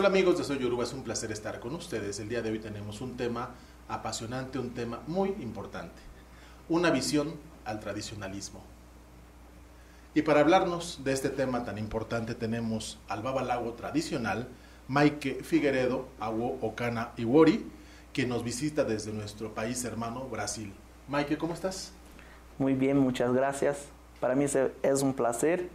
Hola amigos de Soy Yoruba, es un placer estar con ustedes. El día de hoy tenemos un tema apasionante, un tema muy importante, una visión al tradicionalismo. Y para hablarnos de este tema tan importante tenemos al babalago tradicional, Maike Figueredo Awo Okana Iwori, que nos visita desde nuestro país hermano Brasil. Maike, ¿cómo estás? Muy bien, muchas gracias. Para mí es un placer.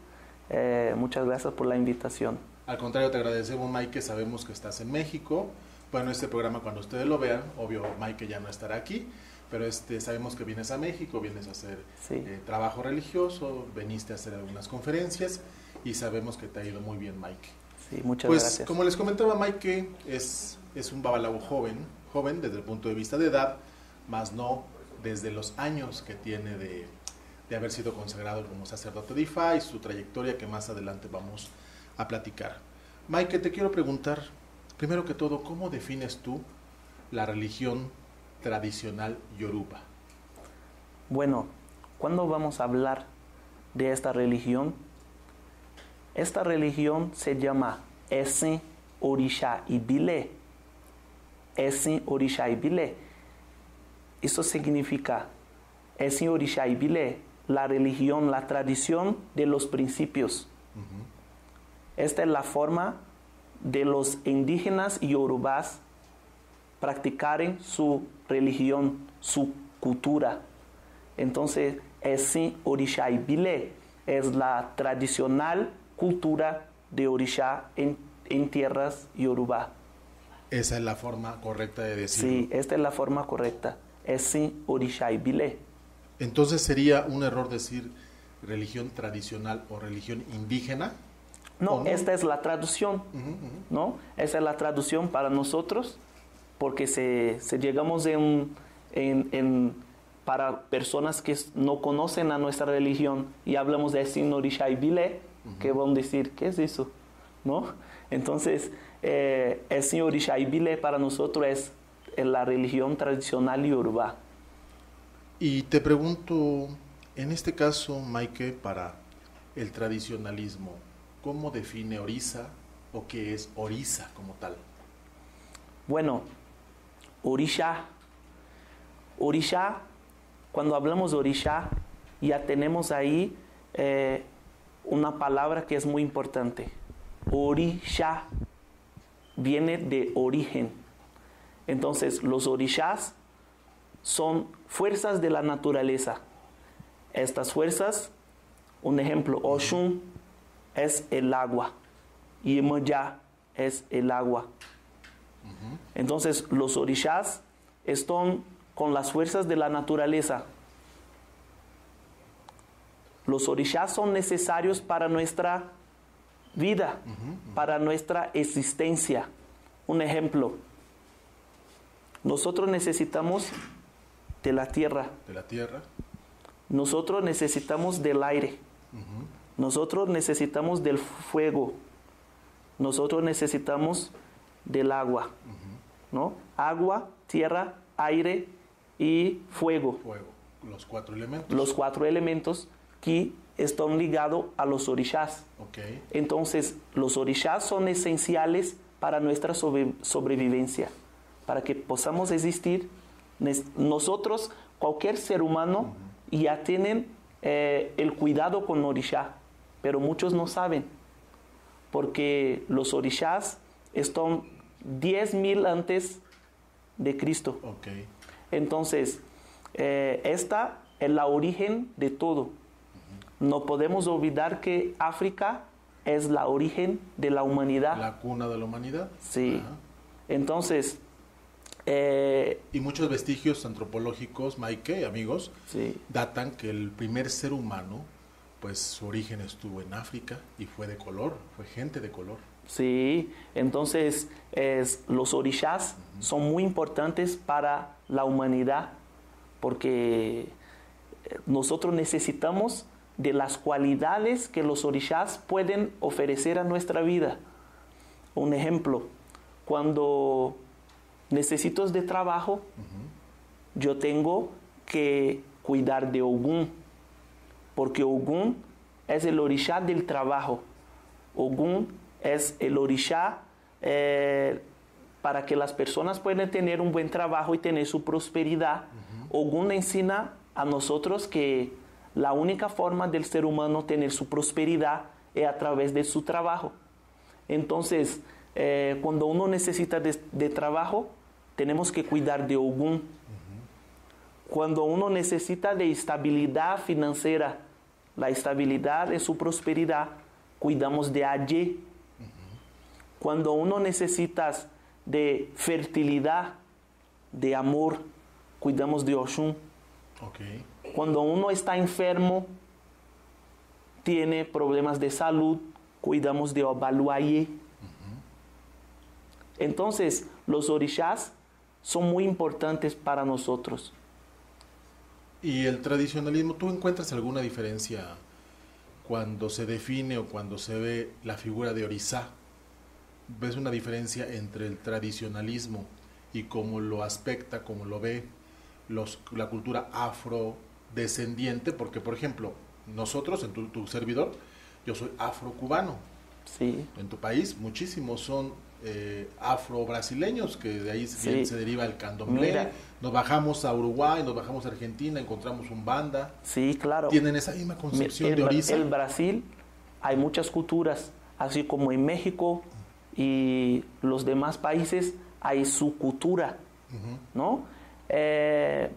Eh, muchas gracias por la invitación. Al contrario, te agradecemos, Mike, que sabemos que estás en México. Bueno, este programa cuando ustedes lo vean, obvio, Mike ya no estará aquí, pero este, sabemos que vienes a México, vienes a hacer eh, trabajo religioso, veniste a hacer algunas conferencias y sabemos que te ha ido muy bien, Mike. Sí, muchas pues, gracias. pues, como les comentaba, Mike es, es un Babalao joven, joven desde el punto de vista de edad, más no desde los años que tiene de, haber sido consagrado como sacerdote de IFA y su trayectoria que más adelante vamos a platicar. Mike, te quiero preguntar, primero que todo, ¿cómo defines tú la religión tradicional yoruba? Bueno, cuando vamos a hablar de esta religión, esta religión se llama Esin Orisha Ibile. Esin Orisha Ibile. Eso significa Esin Orisha Ibile, la religión, la tradición de los principios. Esta es la forma de los indígenas yorubás practicar su religión, su cultura. Entonces, es orisha bile, es la tradicional cultura de orisha en, en tierras yorubá. Esa es la forma correcta de decirlo. Sí, esta es la forma correcta. Es orisha bile. Entonces sería un error decir religión tradicional o religión indígena. No, esta es la traducción, ¿no? Esa es la traducción para nosotros, porque se, llegamos en, para personas que no conocen a nuestra religión y hablamos de Sinorisha y que van a decir, ¿qué es eso? ¿No? Entonces, eh, el Sinorisha y para nosotros es la religión tradicional y urbana. Y te pregunto, en este caso, Maike, para el tradicionalismo, ¿cómo define Orisa o qué es Orisa como tal? Bueno, Orisha, Orisha, cuando hablamos de Orisha, ya tenemos ahí eh, una palabra que es muy importante. Orisha viene de origen. Entonces, los orishas son fuerzas de la naturaleza. Estas fuerzas, un ejemplo, Oshun, es el agua. Y ya es el agua. Entonces los orishas están con las fuerzas de la naturaleza. Los orishas son necesarios para nuestra vida, para nuestra existencia. Un ejemplo, nosotros necesitamos de la tierra. De la tierra. Nosotros necesitamos del aire. Nosotros necesitamos del fuego, nosotros necesitamos del agua, ¿no? Agua, tierra, aire y fuego. Fuego, los cuatro elementos. Los cuatro elementos que están ligados a los orishas. Okay. Entonces, los orishas son esenciales para nuestra sobrevivencia, para que podamos existir. Nosotros, cualquier ser humano, ya tienen eh, el cuidado con orisha pero muchos no saben, porque los orishas están 10.000 antes de Cristo. Entonces, eh, esta es la origen de todo. No podemos olvidar que África es la origen de la humanidad. La cuna de la humanidad. Sí. Entonces, eh, y muchos vestigios antropológicos, Mike, amigos, datan que el primer ser humano pues su origen estuvo en África y fue de color, fue gente de color. Sí, entonces los orishas son muy importantes para la humanidad porque eh, nosotros necesitamos de las cualidades que los orishas pueden ofrecer a nuestra vida. Un ejemplo, cuando necesito de trabajo, yo tengo que cuidar de Ogún porque Ogún es el orisha del trabajo. Ogún es el orisha eh, para que las personas puedan tener un buen trabajo y tener su prosperidad. Uh Ogún ensina a nosotros que la única forma del ser humano tener su prosperidad es a través de su trabajo. Entonces, eh, cuando uno necesita de, trabajo, tenemos que cuidar de Ogún. Cuando uno necesita de estabilidad financiera, la estabilidad es su prosperidad. Cuidamos de allí. Cuando uno necesita de fertilidad, de amor, cuidamos de Oshun. Cuando uno está enfermo, tiene problemas de salud, cuidamos de Obaluaye. Entonces, los orishas son muy importantes para nosotros. Y el tradicionalismo, ¿tú encuentras alguna diferencia cuando se define o cuando se ve la figura de Orizá? ¿Ves una diferencia entre el tradicionalismo y cómo lo aspecta, cómo lo ve los, la cultura afrodescendiente? Porque, por ejemplo, nosotros, en tu, servidor, yo soy afrocubano. Sí. En tu país, muchísimos son eh, afro-brasileños, que de ahí se deriva el candomblé. Nos bajamos a Uruguay, nos bajamos a Argentina, encontramos un banda. Sí, claro. Tienen esa misma concepción de origen. En Brasil hay muchas culturas, así como en México y los demás países hay su cultura, ¿no? Eh,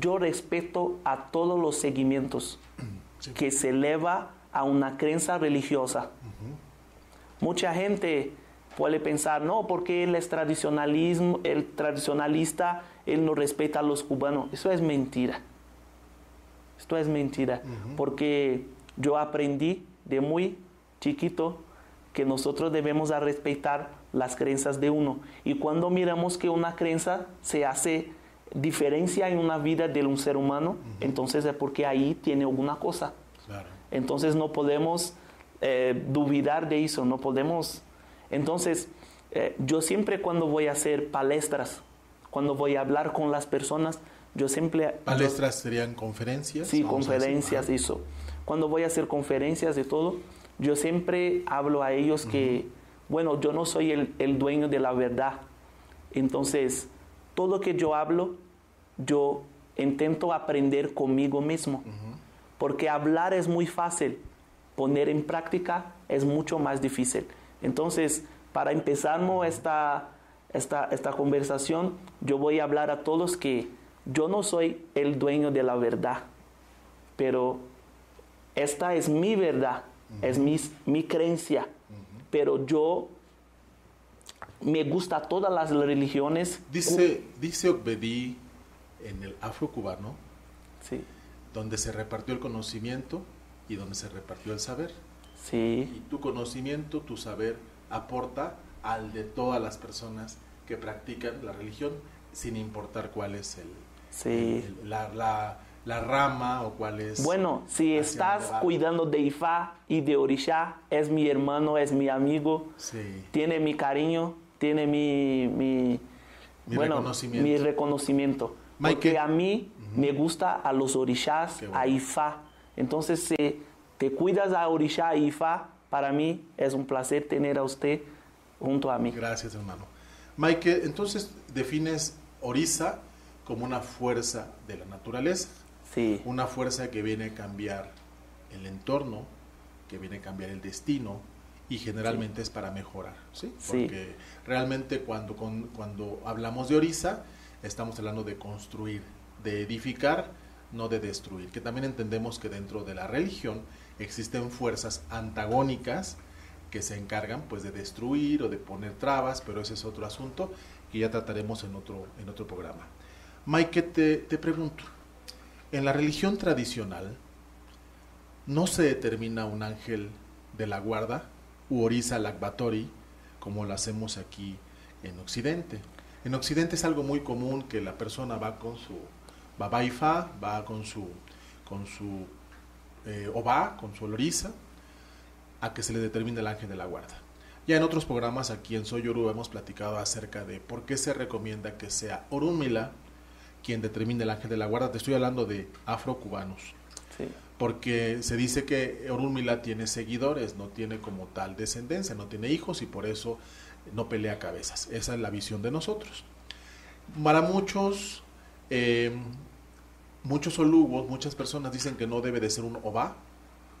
yo respeto a todos los seguimientos que se eleva a una creencia religiosa. Mucha gente puede pensar, no, porque él es el tradicionalista, él no respeta a los cubanos. Eso es mentira. Esto es mentira, porque yo aprendí de muy chiquito que nosotros debemos a respetar las creencias de uno. Y cuando miramos que una creencia se hace diferencia en una vida de un ser humano, entonces es porque ahí tiene alguna cosa. Entonces no podemos eh, duvidar de eso, no podemos entonces, eh, yo siempre cuando voy a hacer palestras, cuando voy a hablar con las personas, yo siempre... ¿Palestras serían conferencias? Sí, conferencias, eso. Cuando voy a hacer conferencias de todo, yo siempre hablo a ellos que, bueno, yo no soy el, dueño de la verdad. Entonces, todo lo que yo hablo, yo intento aprender conmigo mismo. Porque hablar es muy fácil, poner en práctica es mucho más difícil. Entonces, para empezar esta, conversación, yo voy a hablar a todos que yo no soy el dueño de la verdad, pero esta es mi verdad, es mi, creencia, pero yo me gusta todas las religiones. Dice, dice Obedí en el afrocubano, sí. donde se repartió el conocimiento y donde se repartió el saber. Y tu conocimiento, tu saber, aporta al de todas las personas que practican la religión, sin importar cuál es el, la, rama o cuál es. Bueno, si estás cuidando de Ifá y de Orisha, es mi hermano, es mi amigo, tiene mi cariño, tiene mi, bueno, reconocimiento. Mi reconocimiento. Porque a mí me gusta a los orishas, a Ifá. Entonces, eh, te cuidas a Orisha y Fa. Para mí es un placer tener a usted junto a mí. Gracias, hermano. Mike, entonces defines Orisa como una fuerza de la naturaleza. Sí. Una fuerza que viene a cambiar el entorno, que viene a cambiar el destino y generalmente es para mejorar, ¿sí? Porque realmente cuando, cuando hablamos de Orisa, estamos hablando de construir, de edificar, no de destruir, que también entendemos que dentro de la religión existen fuerzas antagónicas que se encargan pues de destruir o de poner trabas, pero ese es otro asunto que ya trataremos en otro, en otro programa. Mike, te, te pregunto, en la religión tradicional no se determina un ángel de la guarda u orisa lacbatori como lo hacemos aquí en Occidente. En Occidente es algo muy común que la persona va con su babaifa, va con su, con su eh, o va con su a que se le determine el ángel de la guarda. Ya en otros programas aquí en Soy hemos platicado acerca de por qué se recomienda que sea Orúmila quien determine el ángel de la guarda. Te estoy hablando de afrocubanos. Porque se dice que Orúmila tiene seguidores, no tiene como tal descendencia, no tiene hijos y por eso no pelea cabezas. Esa es la visión de nosotros. Para muchos, eh, muchos olugos, muchas personas dicen que no debe de ser un Oba,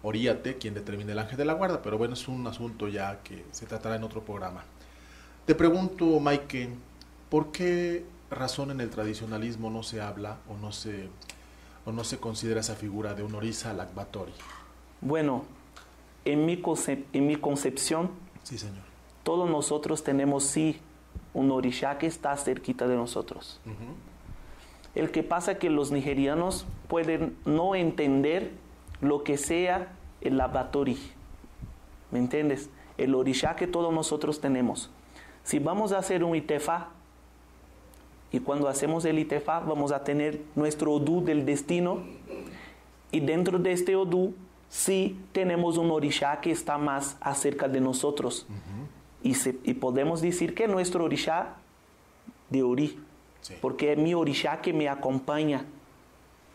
Oríate, quien determine el ángel de la guarda, pero bueno, es un asunto ya que se tratará en otro programa. Te pregunto, Mike ¿por qué razón en el tradicionalismo no se habla o no se, o no se considera esa figura de un orisa Lakbatori? Bueno, en mi, en mi concepción, sí, señor. todos nosotros tenemos sí un orisha que está cerquita de nosotros. El que pasa es que los nigerianos pueden no entender lo que sea el abatori, ¿Me entiendes? El orisha que todos nosotros tenemos. Si vamos a hacer un itefa, y cuando hacemos el itefa vamos a tener nuestro odú del destino, y dentro de este odú sí tenemos un orisha que está más acerca de nosotros. y, y, podemos decir que nuestro orisha de Ori porque es mi orisha que me acompaña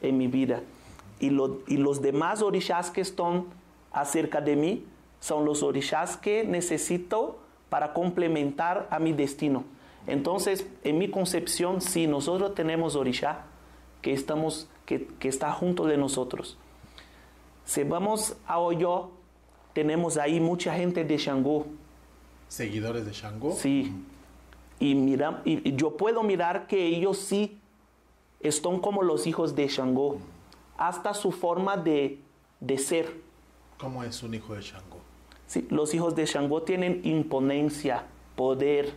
en mi vida. Y, los demás orishas que están acerca de mí son los orishas que necesito para complementar a mi destino. Entonces, en mi concepción, sí, nosotros tenemos orisha que, estamos, que, está junto de nosotros. Si vamos a Oyo, tenemos ahí mucha gente de Shango. ¿Seguidores de Shango. Sí. Y, yo puedo mirar que ellos sí están como los hijos de Shango, hasta su forma de, de ser. ¿Cómo es un hijo de Shango? Sí, los hijos de Shango tienen imponencia, poder,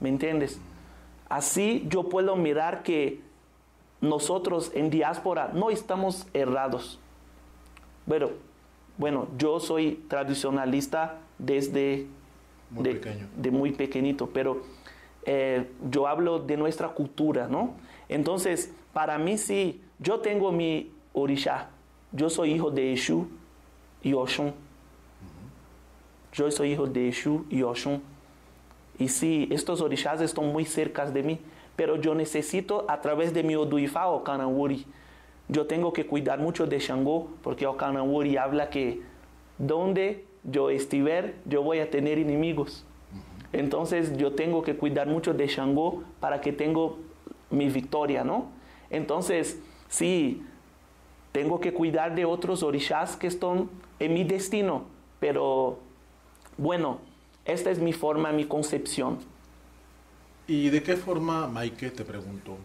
¿me entiendes? Así yo puedo mirar que nosotros en diáspora no estamos errados. Pero, bueno, yo soy tradicionalista desde de, de muy pequeñito, pero eh, yo hablo de nuestra cultura, ¿no? Entonces, para mí sí, yo tengo mi orisha, yo soy hijo de Eshu y Oshun. Yo soy hijo de Eshu y Oshun. Y sí, estos orishas están muy cerca de mí, pero yo necesito a través de mi Oduifa o Kanawuri. Yo tengo que cuidar mucho de Shango, porque Okanawuri habla que donde yo estiver, yo voy a tener enemigos. Entonces yo tengo que cuidar mucho de Shango para que tengo mi victoria, ¿no? Entonces, sí, tengo que cuidar de otros orishas que están en mi destino, pero bueno, esta es mi forma, mi concepción. ¿Y de qué forma, Maike, te pregunto,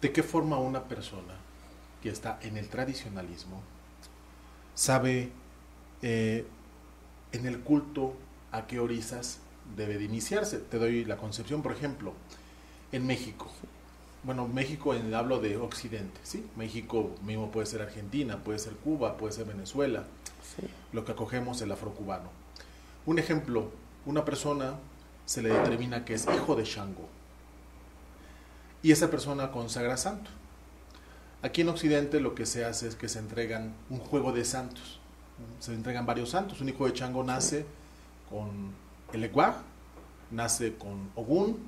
de qué forma una persona que está en el tradicionalismo sabe eh, en el culto a qué orizas debe de iniciarse. Te doy la concepción, por ejemplo, en México. Bueno, México en, hablo de Occidente, ¿sí? México mismo puede ser Argentina, puede ser Cuba, puede ser Venezuela. Lo que acogemos es el afrocubano. Un ejemplo, una persona se le determina que es hijo de Shango. Y esa persona consagra santo. Aquí en Occidente lo que se hace es que se entregan un juego de santos se entregan varios santos. Un hijo de Chango nace con el nace con Ogún,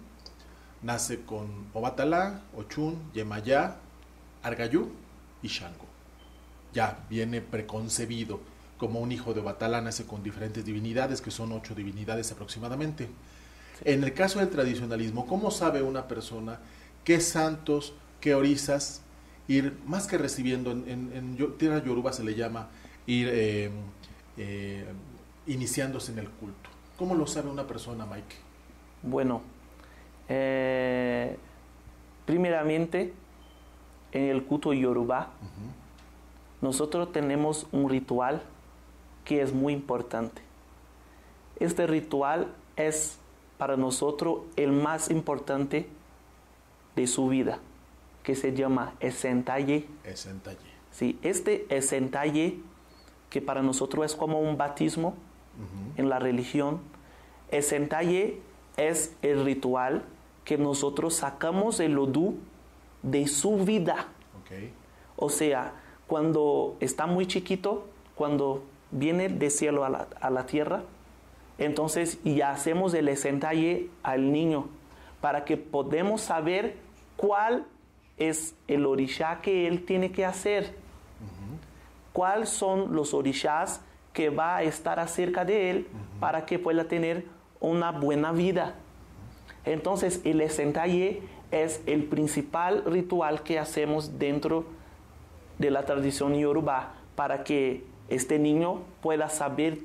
nace con Obatalá, ...ochún... Yemayá, Argayú y Chango. Ya viene preconcebido como un hijo de Obatalá, nace con diferentes divinidades, que son ocho divinidades aproximadamente. En el caso del tradicionalismo, ¿cómo sabe una persona qué santos, qué orisas ir más que recibiendo? en tierra yoruba se le llama ir eh, eh, iniciándose en el culto. ¿Cómo lo sabe una persona, Mike? Bueno, eh, primeramente, en el culto Yoruba, nosotros tenemos un ritual que es muy importante. Este ritual es para nosotros el más importante de su vida, que se llama esentalle. Esentalle. Sí, este esentalle que para nosotros es como un batismo en la religión. El sentaye es el ritual que nosotros sacamos el odú de su vida. O sea, cuando está muy chiquito, cuando viene de cielo a la, tierra, entonces ya hacemos el sentaye al niño para que podamos saber cuál es el orisha que él tiene que hacer cuáles son los orishas que va a estar acerca de él para que pueda tener una buena vida. Entonces, el esentaye es el principal ritual que hacemos dentro de la tradición yoruba para que este niño pueda saber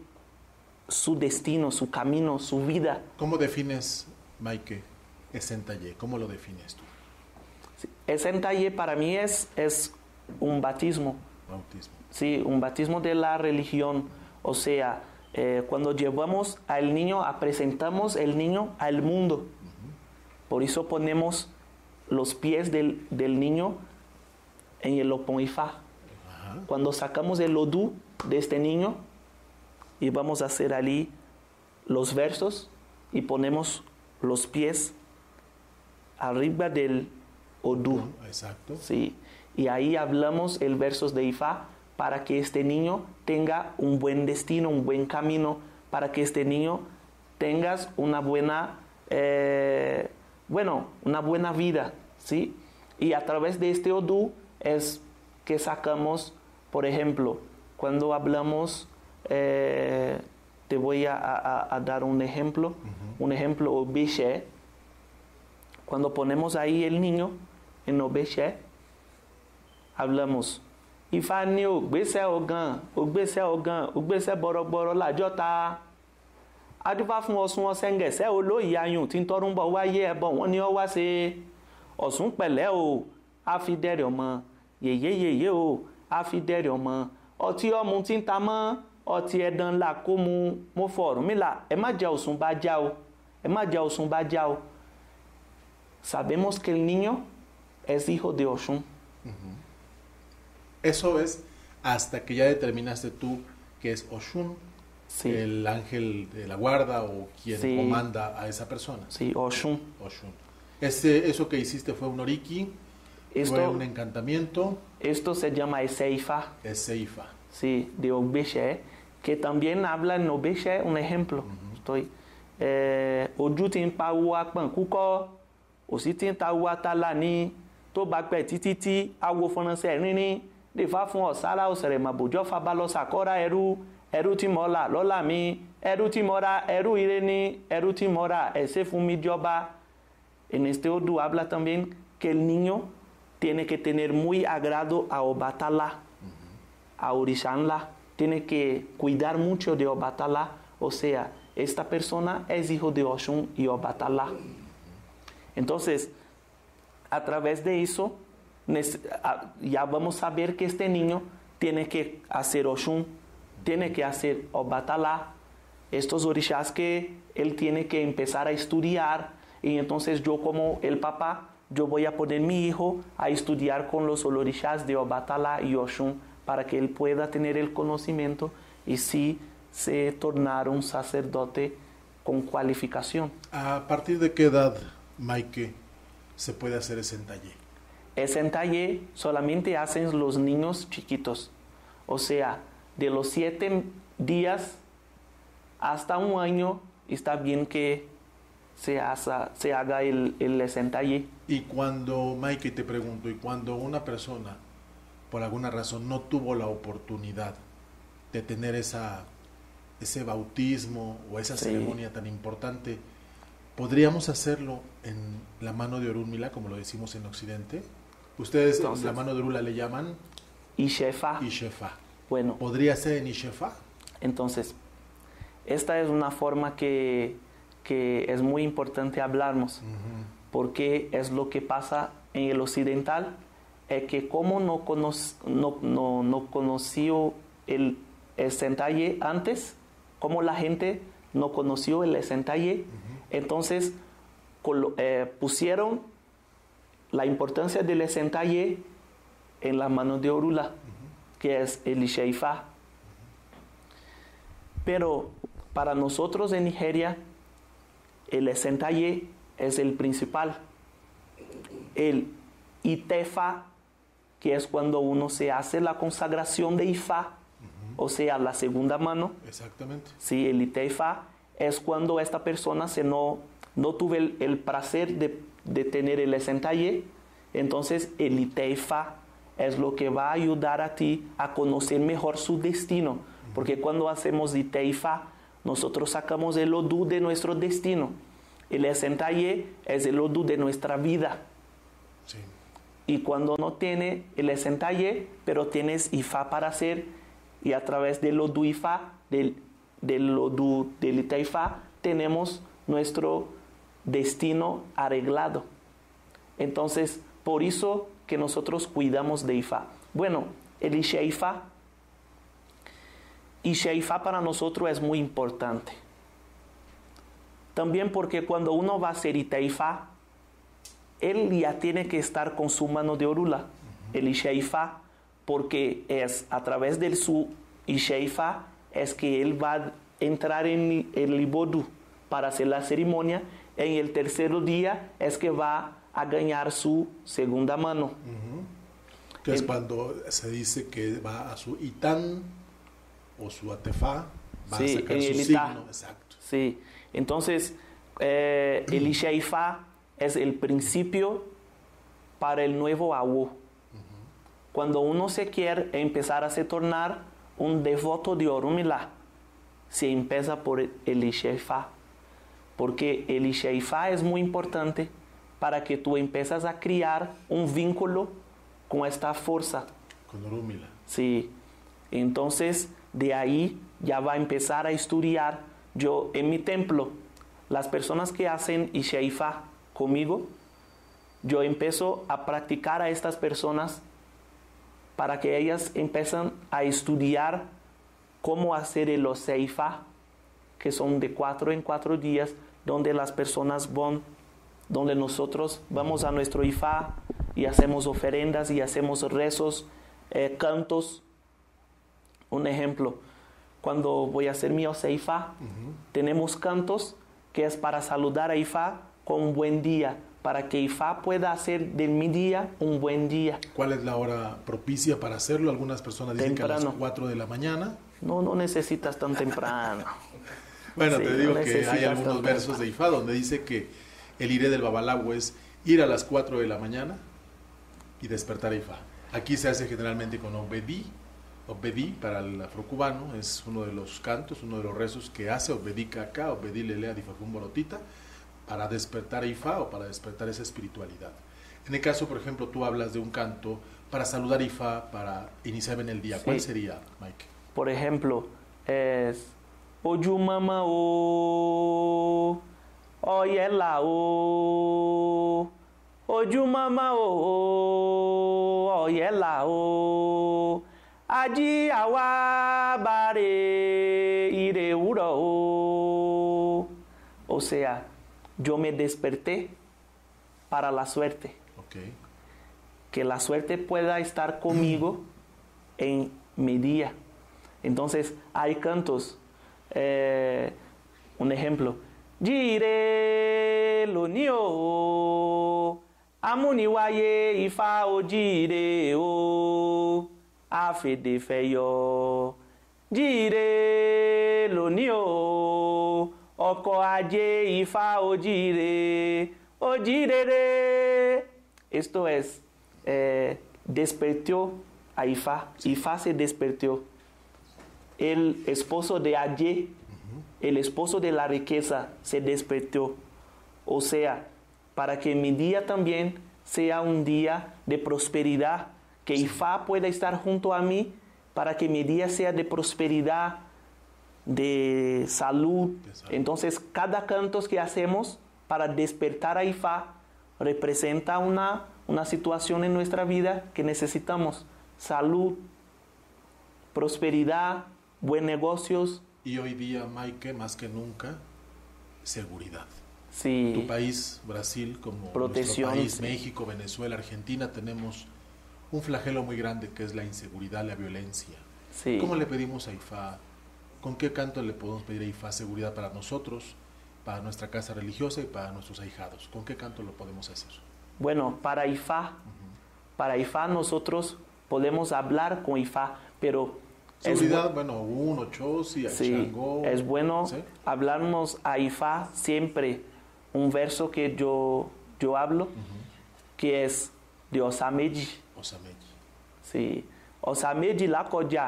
su destino, su camino, su vida. ¿Cómo defines, Maike, esentaye? ¿Cómo lo defines tú? Esentaye para mí es, es un batismo. Bautismo. ¿sí? un batismo de la religión, o sea, eh, cuando llevamos al niño, presentamos el niño al mundo. Por eso ponemos los pies del, niño en el Oponifá. Cuando sacamos el Odú de este niño y vamos a hacer allí los versos y ponemos los pies arriba del Odú. Exacto. Sí. Y ahí hablamos el versos de Ifá para que este niño tenga un buen destino, un buen camino, para que este niño tengas una buena, eh, bueno, una buena vida, ¿sí? Y a través de este odú es que sacamos, por ejemplo, cuando hablamos, eh, te voy a, dar un ejemplo, un ejemplo, Obeshe. cuando ponemos ahí el niño en Obeshe, hablamos ifá ní ògbésẹ́ ọ̀gàn ògbésẹ́ ọ̀gàn ògbésẹ́ bọ̀rọ̀bọ̀rọ̀ làjọ́ta adúbá fún ọ̀ṣun ọ̀sẹ̀ǹgẹ̀sẹ̀ olóyè ayùn tí ń tọrún bọ̀ wáyé ẹbọ wọn ni ọ wá ṣe ọ̀ṣun pẹ̀lẹ́ o àfidẹ́rẹ̀ ọmọ yèyé yèyé o àfidẹ́rẹ̀ ọmọ ọtí ọmú tí ń ta mọ́ ọtí ẹ̀dán ńlá kó mu mo fọ Ọ̀rúnmìlà ẹ má jẹ Ọ̀ṣun bá já o ẹ má jẹ Ọ̀ṣun bá já o sabemos que el niño es hijo de Ọ̀ṣun. Mm-hmm. Eso es hasta que ya determinaste tú que es Oshun, el ángel de la guarda o quien comanda a esa persona. Sí, Oshun. Oshun. Ese, eso que hiciste fue un oriki, esto, fue un encantamiento. Esto se llama Eseifa. Eseifa. Sí, de Obeshe, ¿eh? que también habla en Obeshe, ¿eh? un ejemplo. Uh -huh. Estoy. Eh, Ojutin Paua Pankuko, Ositin Tawa Talani, Tobakpe Tititi, Agua en este odu habla también que el niño tiene que tener muy agrado a Obatala, a Orishanla, tiene que cuidar mucho de Obatala, o sea, esta persona es hijo de Oshun y Obatala. Entonces, a través de eso, ya vamos a ver que este niño tiene que hacer Oshun, tiene que hacer Obatalá, estos orishas que él tiene que empezar a estudiar. Y entonces yo como el papá, yo voy a poner mi hijo a estudiar con los orishas de Obatala y Oshun para que él pueda tener el conocimiento y sí se tornar un sacerdote con cualificación. ¿A partir de qué edad, Mike, se puede hacer ese taller? Ese entalle solamente hacen los niños chiquitos, o sea, de los siete días hasta un año está bien que se, haga el, el Y cuando, Mike te pregunto, y cuando una persona, por alguna razón, no tuvo la oportunidad de tener ese bautismo o esa ceremonia tan importante, ¿podríamos hacerlo en la mano de orúmila como lo decimos en Occidente? Ustedes la mano de Rula le llaman Ishefa. Ishefa. Bueno. ¿Podría ser en Ishefa? Entonces, esta es una forma que, es muy importante hablarnos, porque es lo que pasa en el occidental, es que como no, no, conoció el, el antes, como la gente no conoció el sentalle, entonces eh, pusieron la importancia del esentaye en la mano de Orula, que es el isheifa. Pero para nosotros en Nigeria, el esentaye es el principal. El Itefa, que es cuando uno se hace la consagración de ifa, o sea, la segunda mano. Exactamente. Sí, el Itefa es cuando esta persona se no, no tuvo el placer de de tener el SNTAE, entonces el ITEIFA es lo que va a ayudar a ti a conocer mejor su destino, porque cuando hacemos ITEIFA, nosotros sacamos el odú de nuestro destino. El esentalle es el odú de nuestra vida. Y cuando no tiene el esentalle pero tienes IFA para hacer, y a través del odú IFA, del, del ODU del ITEIFA, tenemos nuestro destino arreglado. Entonces, por eso que nosotros cuidamos de Ifá. Bueno, el Ishe Ifá. Ifá para nosotros es muy importante. También porque cuando uno va a ser Itaifá, él ya tiene que estar con su mano de orula, el Ifá, porque es a través del su Ifá, es que él va a entrar en el Ibodu, para hacer la ceremonia. En el tercer día es que va a ganar su segunda mano. Que es cuando se dice que va a su itán o su atefá, va sí, a sacar su el signo. Exacto. Sí, entonces eh, el es el principio para el nuevo Awu. Cuando uno se quiere empezar a se tornar un devoto de Orumila, se empieza por el Ishaifá porque el ishaifa es muy importante para que tú empieces a crear un vínculo con esta fuerza. Con Sí. Entonces, de ahí ya va a empezar a estudiar. Yo, en mi templo, las personas que hacen ishaifa conmigo, yo empiezo a practicar a estas personas para que ellas empiezan a estudiar cómo hacer el Oseifa que son de cuatro en cuatro días, donde las personas van, donde nosotros vamos a nuestro IFA y hacemos ofrendas y hacemos rezos, eh, cantos. Un ejemplo, cuando voy a hacer mi Oseifa, tenemos cantos que es para saludar a Ifá con un buen día, para que Ifá pueda hacer de mi día un buen día. ¿Cuál es la hora propicia para hacerlo? Algunas personas dicen que a las 4 de la mañana. No, no necesitas tan temprano. Bueno, te digo que hay algunos versos de Ifá donde dice que el iré del Babalao es ir a las 4 de la mañana y despertar a Ifá. Aquí se hace generalmente con Obedí. Obedí para el afrocubano es uno de los cantos, uno de los rezos que hace Obedí acá, Obedí Lelea con Borotita, para despertar a Ifá o para despertar esa espiritualidad. En el caso, por ejemplo, tú hablas de un canto para saludar a Ifá, para iniciar en el día. ¿Cuál sería, Mike? Por ejemplo, es ojúmọ́mọ́ o oyela o ojúmọ́mọ́ o oyela o ají àwa ire wúrọ̀ o. sea, yo me desperté para la suerte. Que la suerte pueda estar conmigo en mi día. Entonces, hay cantos eh, un ejemplo. Jire lo ni o, amúniwáyé fa o jire o, feyo. Jire lo nió, o, o jire, o de. Esto es, eh, despertó a y fa se despertó el esposo de Ayé, el esposo de la riqueza, se despertó. O sea, para que mi día también sea un día de prosperidad, que Ifá pueda estar junto a mí, para que mi día sea de prosperidad, de salud. Entonces, cada canto que hacemos para despertar a Ifá representa una, una situación en nuestra vida que necesitamos. Salud, prosperidad, buen negocios. Y hoy día, Maike, más que nunca, seguridad. Sí. Tu país, Brasil, como nuestro país, México, Venezuela, Argentina, tenemos un flagelo muy grande que es la inseguridad, la violencia. Sí. ¿Cómo le pedimos a IFA? ¿Con qué canto le podemos pedir a IFA seguridad para nosotros, para nuestra casa religiosa y para nuestros ahijados? ¿Con qué canto lo podemos hacer? Bueno, para IFA, para IFA nosotros podemos hablar con IFA, pero Seguridad, es, bueno, uno, Chosi, sí, Changó. Es bueno ¿sí? hablarnos a Ifá siempre un verso que yo, yo hablo, uh -huh. que es de Osameji. Osameji. Sí. Osameji lákọjá,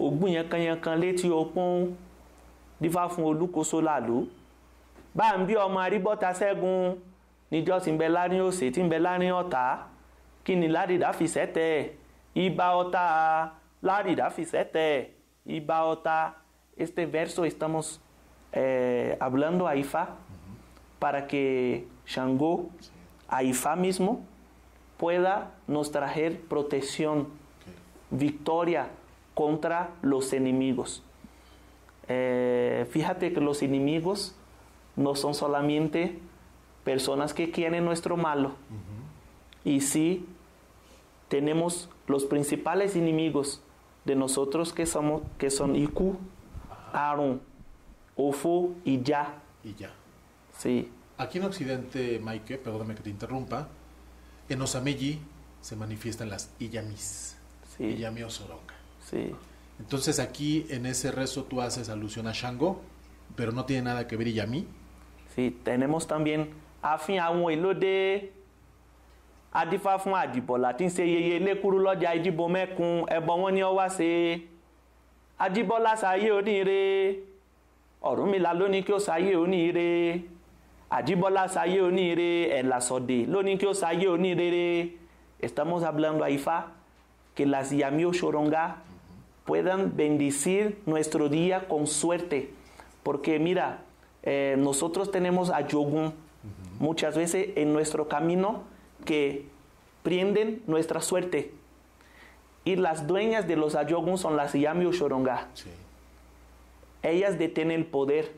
ògùn yankanyankan létí okun, dífá fún olúkoso làlú. Bá ń bí ọmọ arígbọ́ta ṣẹ́gun níjọ́ tí ń bẹ láàrin òsè tí ń bẹ láàrin ọ̀tá, kí ni ládìdá fi sẹ́tẹ̀ ibà ọ̀tá. Este, y baota. Este verso estamos eh, hablando a Ifa para que Shangú, a mismo, pueda nos traer protección, victoria contra los enemigos. Eh, fíjate que los enemigos no son solamente personas que quieren nuestro malo. Y si tenemos los principales enemigos de nosotros que somos, que son Iku, arun Ofo y Ya. Y Ya. Sí. Aquí en Occidente, Maike, perdóname que te interrumpa, en Osameji se manifiestan las Iyamis. Sí. Iyami o Soronga. Sí. Entonces aquí en ese rezo tú haces alusión a Shango, pero no tiene nada que ver Iyami. Sí, tenemos también Afin lo de adifa fún Adibola tí ń ṣe yeye lékúrú lọ́jà ìdìbò mẹ́kun ẹbọ wọn ni ọ wá lo único ṣayé oníire ọ̀rúnmìlà ló ní kí ó ṣayé oníire adíbọ́lá ṣayé oníire estamos hablando ahí que las yamio choronga puedan bendecir nuestro día con suerte porque mira eh, nosotros tenemos a Yogun muchas veces en nuestro camino que prenden nuestra suerte. Y las dueñas de los ayogun son las Yami Ushoronga. Ellas detienen el poder.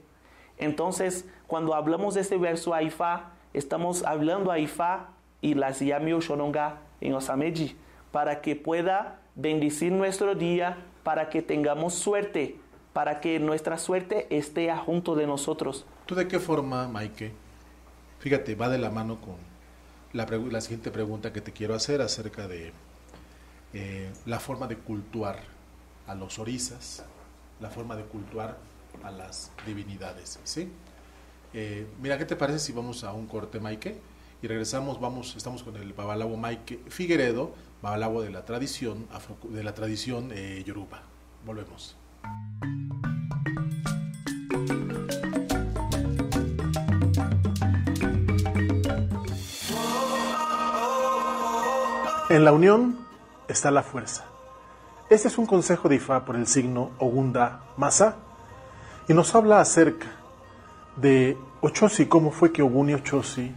Entonces, cuando hablamos de ese verso Aifa, estamos hablando a Aifa y las Yami Ushoronga en Osameji, para que pueda bendecir nuestro día, para que tengamos suerte, para que nuestra suerte esté junto de nosotros. ¿Tú de qué forma, Maike? Fíjate, va de la mano con la, siguiente pregunta que te quiero hacer acerca de eh, la forma de cultuar a los orisas, la forma de cultuar a las divinidades. ¿sí? Eh, mira, ¿qué te parece si vamos a un corte, Maike? Y regresamos, vamos, estamos con el Babalabo Maike Figueredo, Babalabo de la tradición, de la tradición eh, yoruba. Volvemos. En la unión está la fuerza. Este es un consejo de Ifá por el signo Ogunda Masa y nos habla acerca de Ochosi, cómo fue que Ogun y Ochosi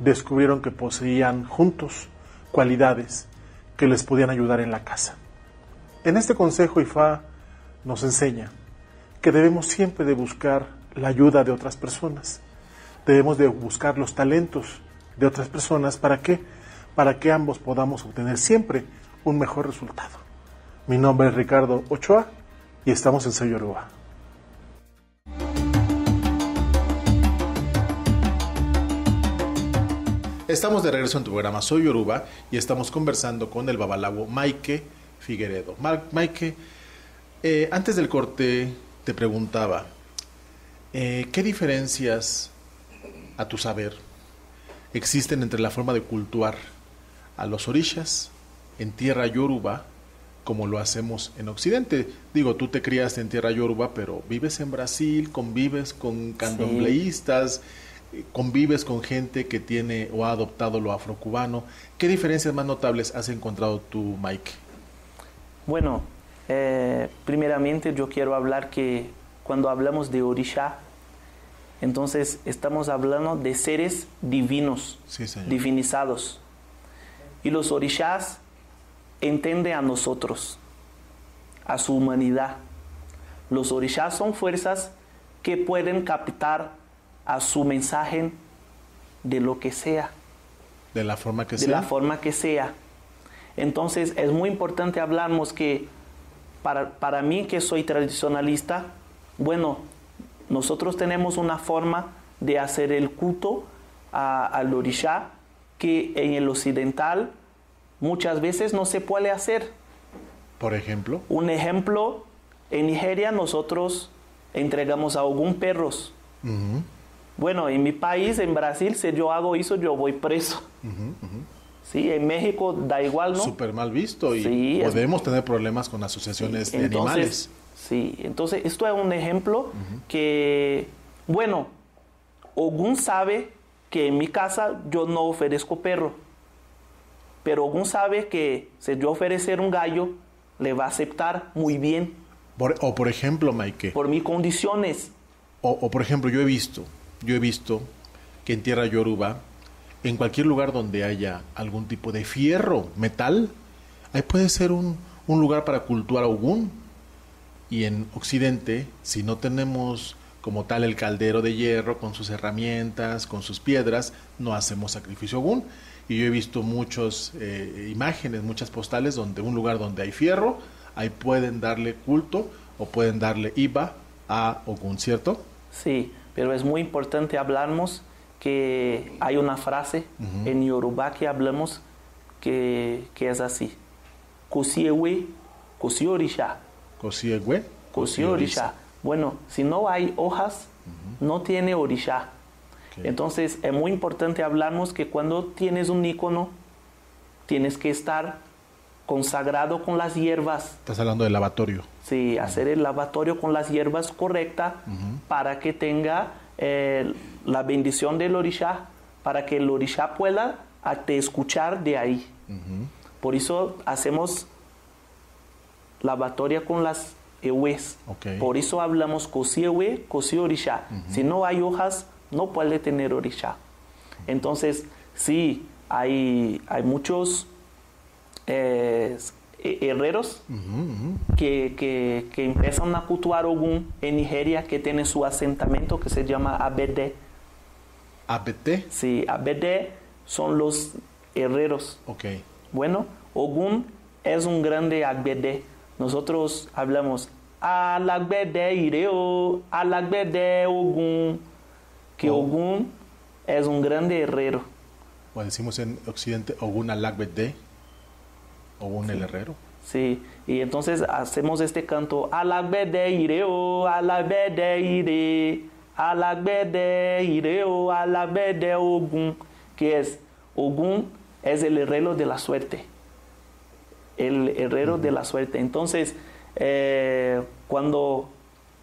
descubrieron que poseían juntos cualidades que les podían ayudar en la casa. En este consejo Ifá nos enseña que debemos siempre de buscar la ayuda de otras personas. Debemos de buscar los talentos de otras personas para que para que ambos podamos obtener siempre un mejor resultado. Mi nombre es Ricardo Ochoa y estamos en Soy Yoruba. Estamos de regreso en tu programa Soy Yoruba y estamos conversando con el babalago Maike Figueredo. Maike, eh, antes del corte te preguntaba, eh, ¿qué diferencias a tu saber existen entre la forma de cultuar a los orillas, en tierra yoruba, como lo hacemos en Occidente. Digo, tú te criaste en tierra yoruba, pero vives en Brasil, convives con candombleístas, eh, convives con gente que tiene o ha adoptado lo afrocubano. ¿Qué diferencias más notables has encontrado tú, Mike? Bueno, eh, primeramente yo quiero hablar que cuando hablamos de orisha, entonces estamos hablando de seres divinos, divinizados. Y los orishas entienden a nosotros, a su humanidad. Los orishas son fuerzas que pueden captar a su mensaje de lo que sea. De la forma que sea. De la forma que sea. Entonces es muy importante hablarnos que para, mí que soy tradicionalista, bueno, nosotros tenemos una forma de hacer el culto al orishá que en el occidental muchas veces no se puede hacer. Por ejemplo. Un ejemplo, en Nigeria nosotros entregamos a algún perros. Bueno, en mi país, en Brasil, si yo hago eso, yo voy preso. Sí, en México da igual, ¿no? Súper mal visto y podemos tener problemas con asociaciones de entonces, animales. Sí, entonces esto es un ejemplo que, bueno, Ogún sabe que en mi casa yo no ofrezco perro. Pero Ogún sabe que si yo ofrecer un gallo, le va a aceptar muy bien. o por ejemplo, Mike. Por mis condiciones. O, por ejemplo, yo he visto, yo he visto que en tierra yoruba, en cualquier lugar donde haya algún tipo de fierro, metal, ahí puede ser un, un lugar para cultuar a Ogún. Y en Occidente, si no tenemos como tal el caldero de hierro con sus herramientas, con sus piedras, no hacemos sacrificio algún. Y yo he visto muchas eh, imágenes, muchas postales donde un lugar donde hay fierro, ahí pueden darle culto o pueden darle IVA a Ogún, ¿cierto? Sí, pero es muy importante hablarnos que hay una frase en Yoruba que hablamos que, es así. Kosiewe, Kusiorisha Kosiewe. Bueno, si no hay hojas, no tiene orisha. Entonces es muy importante hablarnos que cuando tienes un icono, tienes que estar consagrado con las hierbas. Estás hablando del lavatorio. Sí, hacer el lavatorio con las hierbas correcta para que tenga eh, la bendición del orisha, para que el orisha pueda te escuchar de ahí. Por eso hacemos lavatoria con las por eso hablamos cosí Kosiorisha. Uh Si no hay hojas, no puede tener orisha. Entonces, sí, hay, hay muchos eh, e, herreros Que, empiezan a cultuar Ogun en Nigeria que tiene su asentamiento que se llama ABD. ¿ABD? Sí, ABD son los herreros. Ok. Bueno, Ogun es un grande ABD. Nosotros hablamos alagbede ireo, alagbede Ogun, que oh. Ogun es un grande herrero. O pues decimos en Occidente Ogun alagbede, Ogun el herrero. Sí, y entonces hacemos este canto alagbede ireo, alagbede ire, alagbede ireo, alagbede Ogun, que es Ogun es el herrero de la suerte el herrero de la suerte. Entonces, eh, cuando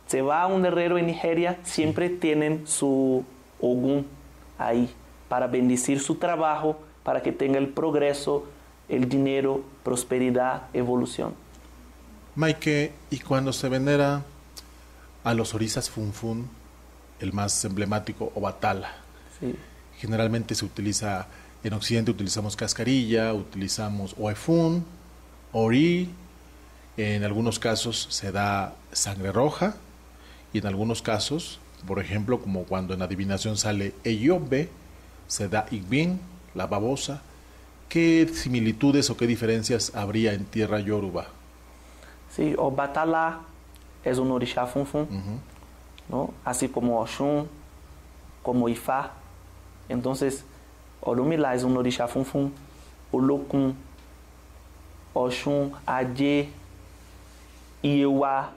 se va a un herrero en Nigeria, siempre tienen su Ogún ahí para bendecir su trabajo, para que tenga el progreso, el dinero, prosperidad, evolución. Maike, y cuando se venera a los orisas funfun, el más emblemático, o batala, generalmente se utiliza, en Occidente utilizamos cascarilla, utilizamos oefun, ori, en algunos casos se da sangre roja y en algunos casos, por ejemplo, como cuando en adivinación sale Eyobe, se da Igbin, la babosa. ¿Qué similitudes o qué diferencias habría en tierra yoruba? Sí, Obatala es un orisha funfun, ¿no? así como Oshun, como Ifá. Entonces, Olumila es un orisha funfun, Olokun Oshun, Aye Iwa.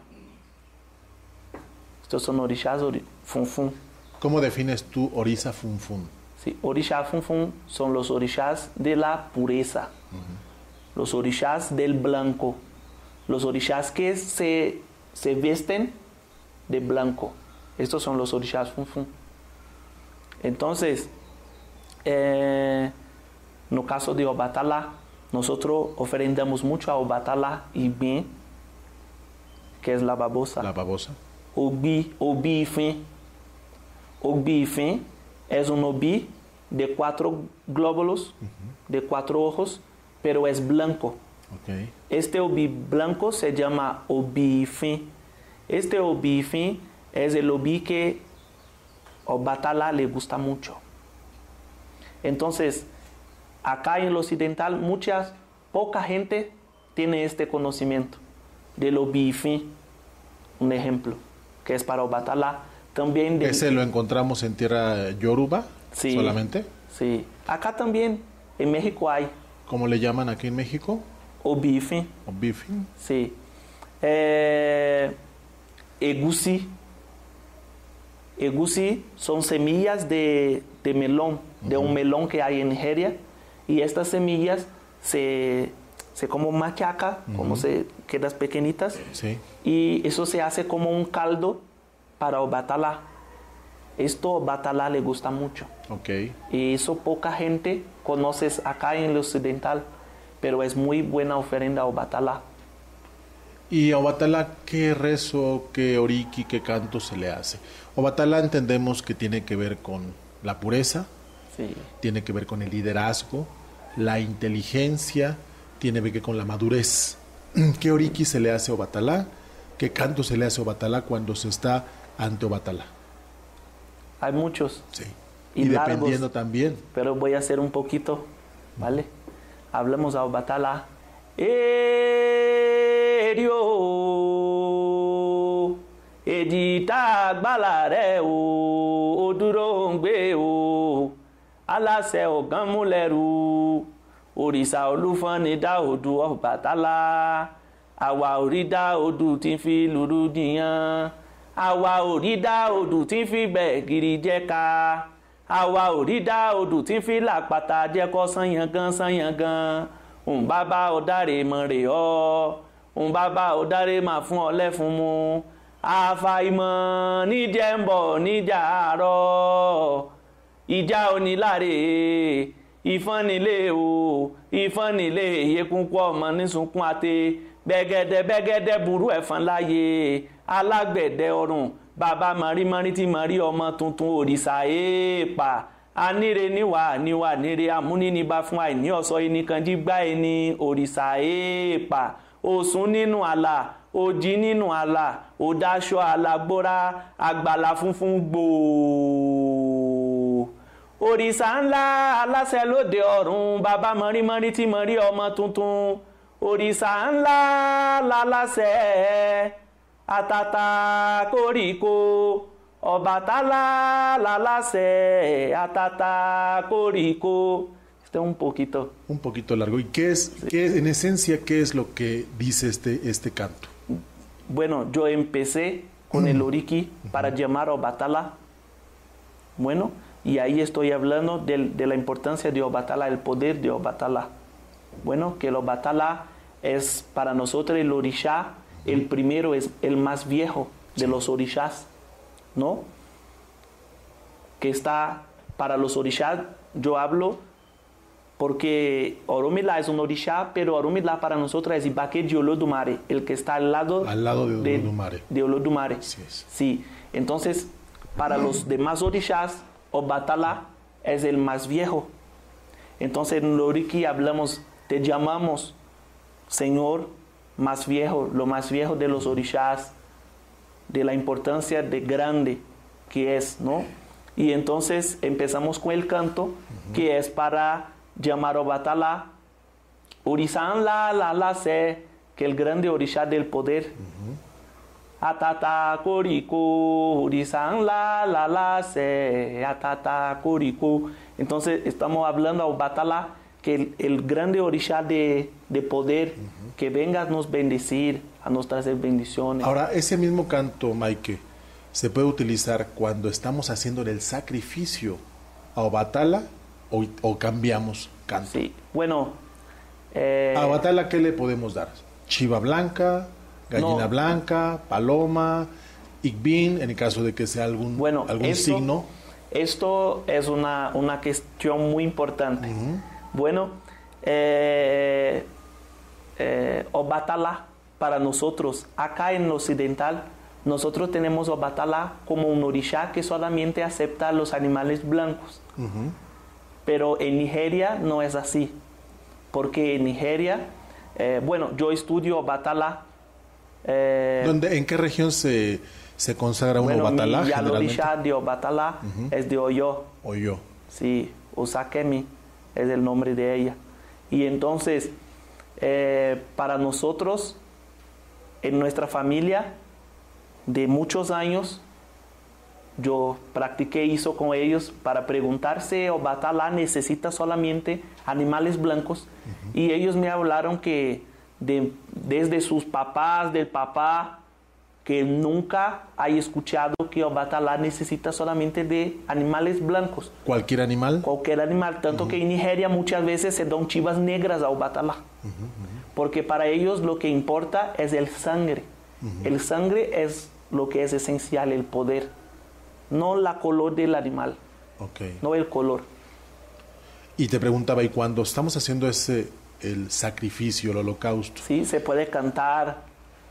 estos son orishas funfun. ¿Cómo defines tú orisa funfun? Sí, orisha funfun son los orishas de la pureza, los orishas del blanco, los orishas que se, vesten de blanco. Estos son los orishas funfun. Entonces, en eh, no caso de Obatala, nosotros ofrendamos mucho a Obatala y bien, que es la babosa. La babosa. Obi, obi fin. Obi fin es un obi de cuatro glóbulos, de cuatro ojos, pero es blanco. Okay. Este obi blanco se llama obi fin. Este obi fin es el obi que Obatala le gusta mucho. Entonces, acá en lo occidental, muchas, poca gente tiene este conocimiento de lo bifi, un ejemplo, que es para Obatala. También ¿Ese lo encontramos en tierra yoruba solamente? Sí. Acá también, en México hay. ¿Cómo le llaman aquí en México? Obifi. Obifi. Sí. Eh, egusi. Egusi son semillas de, melón, de un melón que hay en Nigeria y estas semillas se, se como machaca, como se quedan pequeñitas, y eso se hace como un caldo para Obatalá. Esto Obatalá le gusta mucho. Y eso poca gente conoce acá en el occidental, pero es muy buena ofrenda a ¿Y a Obatala qué rezo, qué oriki, qué canto se le hace? Obatala entendemos que tiene que ver con la pureza, tiene que ver con el liderazgo, la inteligencia tiene que ver con la madurez. ¿Qué oriki se le hace a Obatalá? ¿Qué canto se le hace a Obatalá cuando se está ante Obatalá? Hay muchos. Sí. Y, dependiendo también. Pero voy a hacer un poquito, ¿vale? Hablemos a Obatalá. Erio, edita balareo, aláṣẹ ọ̀gán múlẹ̀rú òrìṣà olúfọ́ni dá odù ọ̀bàtálá àwa òrí dá odù tí fi lùrù dìyàn awa ori dá odù tí fi bẹ̀gìrì jẹ́ka àwa òrí dá odù tí fi làpàtà jẹ́kọ́ sanyangan sanyangan ǹbábá ọ̀dàrè mọ̀ rè ọ́ ǹbábá ọ̀dàrè mà fún ọ lẹ́fun mu àfàìmọ̀ níjẹ́ ń bọ̀ níjà àárọ̀ ìjà oníláre ìfọ́nilé o ìfọ́nilé ìyẹ́kúnkú ọmọ nísunkún àti bẹ́gẹ́dẹ́ bẹ́gẹ́dẹ́ burú ẹ̀fọn láyé alágbẹ̀dẹ ọrùn bàbá mọ̀rímọ́rí tí mọ̀rí ọmọ tuntun òrìṣà èèpà anire níwà níwà nire amúníníbá fún àìní ọ̀sọ́ ẹnìkanjí gbá ẹni òrìṣà èèpà òsùn nínú àlà òjì nínú àlà òdáṣọ àlàgbóra àgbàlá funfun gbòò. òrìṣà ńlá aláṣẹ lóde Baba bàbá la la mọ̀rí ọmọ tuntun òrìṣà ńlá la la la atata kori àtàtà está un poquito. Un poquito largo. ¿Y qué es, en esencia, qué es lo que dice este, este canto? Bueno, yo empecé con el mm. oriki para llamar a Batala. Bueno, y ahí estoy hablando de, la importancia de Obatala, el poder de Obatala. Bueno, que el Obatala es para nosotros el orisha, el primero es el más viejo de los orishas, ¿no? Que está para los orishas. yo hablo porque Oromila es un orisha, pero Oromila para nosotros es Ibaque de Olodumare, el que está al lado, al lado de Olodumare. De, Sí, entonces para los demás orishas Obatala es el más viejo. Entonces en Loriki hablamos, te llamamos Señor más viejo, lo más viejo de los orishas, de la importancia de grande que es, ¿no? Y entonces empezamos con el canto, que es para llamar Obatala, orisan la la la se, que el grande orisha del poder atata corico, la la la se, atata Entonces estamos hablando a Obatala, que el, grande orisha de, poder, que venga a nos bendecir, a nos traer bendiciones. Ahora, ese mismo canto, Maike, se puede utilizar cuando estamos haciendo el sacrificio a Obatala o, o cambiamos canto. Sí, bueno. Eh, ¿A Obatala qué le podemos dar? ¿Chiva blanca? Gallina blanca, paloma, igbin, en el caso de que sea algún, bueno, algún signo. Esto es una, cuestión muy importante. Bueno, eh, eh, Obatala para nosotros, acá en occidental, nosotros tenemos Obatala como un orisha que solamente acepta los animales blancos. Pero en Nigeria no es así, porque en Nigeria, eh, bueno, yo estudio Obatala eh, ¿En qué región se, se consagra uno bueno, Batalá? Mi, de Batalá es de Oyo. Oyo. Sí, usakemi es el nombre de ella. Y entonces, eh, para nosotros, en nuestra familia, de muchos años, yo practiqué eso con ellos para preguntarse si oh, Obatalá necesita solamente animales blancos. Y ellos me hablaron que desde sus papás, del papá, que nunca hay escuchado que Obatala necesita solamente de animales blancos. ¿Cualquier animal? Cualquier animal, tanto que en Nigeria muchas veces se dan chivas negras a Obatala. porque para ellos lo que importa es el sangre. El sangre es lo que es esencial, el poder, no la color del animal, no el color. Y te preguntaba, ¿y cuando estamos haciendo ese el sacrificio, el holocausto. Sí, se puede cantar.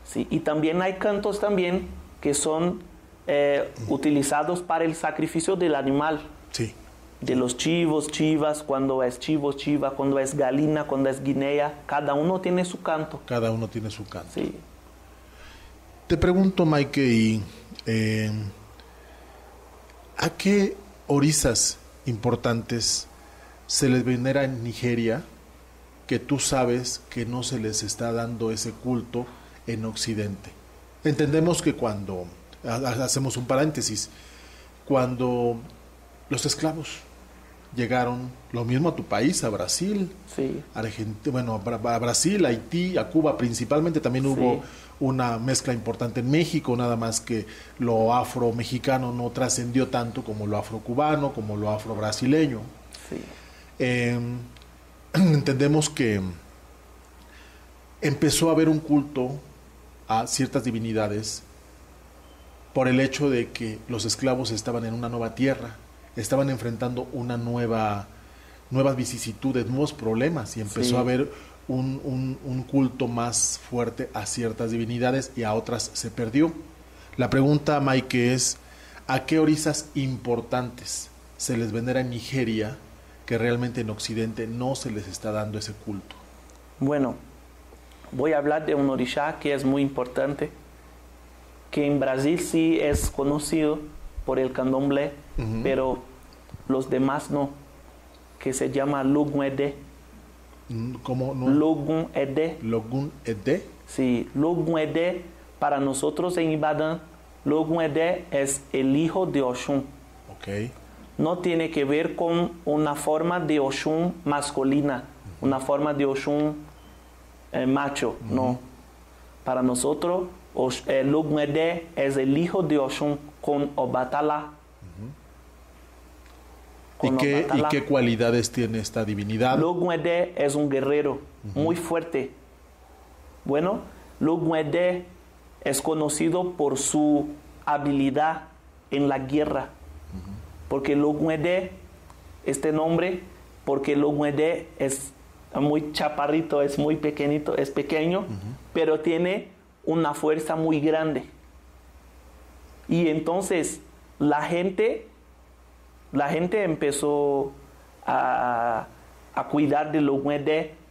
Sí. Y también hay cantos también que son eh, utilizados para el sacrificio del animal. Sí. De los chivos, chivas, cuando es chivo, chiva, cuando es galina, cuando es guinea, cada uno tiene su canto. Cada uno tiene su canto. Sí. Te pregunto, Mike, eh, ¿a qué orisas importantes se les venera en Nigeria que tú sabes que no se les está dando ese culto en Occidente. Entendemos que cuando, hacemos un paréntesis, cuando los esclavos llegaron, lo mismo a tu país, a Brasil, sí. Argentina, bueno, a Brasil, Haití, a Cuba principalmente, también hubo una mezcla importante en México, nada más que lo afro-mexicano no trascendió tanto como lo afro-cubano, como lo afro-brasileño. Sí. Em, entendemos que empezó a haber un culto a ciertas divinidades por el hecho de que los esclavos estaban en una nueva tierra, estaban enfrentando una nueva, nuevas vicisitudes, nuevos problemas, y empezó a haber un, culto más fuerte a ciertas divinidades y a otras se perdió. La pregunta, Mike, es, ¿a qué orisas importantes se les venera en Nigeria que realmente en Occidente no se les está dando ese culto? Bueno, voy a hablar de un orisha que es muy importante, que en Brasil sí es conocido por el candomblé, pero los demás no, que se llama Lugun Ede. Mm, ¿Cómo? No? Lugun Ede. Ede. Sí, logun para nosotros en Ibadan, logun Ede es el hijo de Oshun. Okay no tiene que ver con una forma de Oshun masculina, una forma de Oshun eh, macho, no. Para nosotros, Osh, eh, es el hijo de Oshun con Obatala. ¿Y, qué, cualidades tiene esta divinidad? Lugmede es un guerrero muy fuerte. Bueno, Lugmede es conocido por su habilidad en la guerra porque lo este nombre, porque lo es muy chaparrito, es muy pequeñito, es pequeño, pero tiene una fuerza muy grande. Y entonces la gente, la gente empezó a, cuidar de los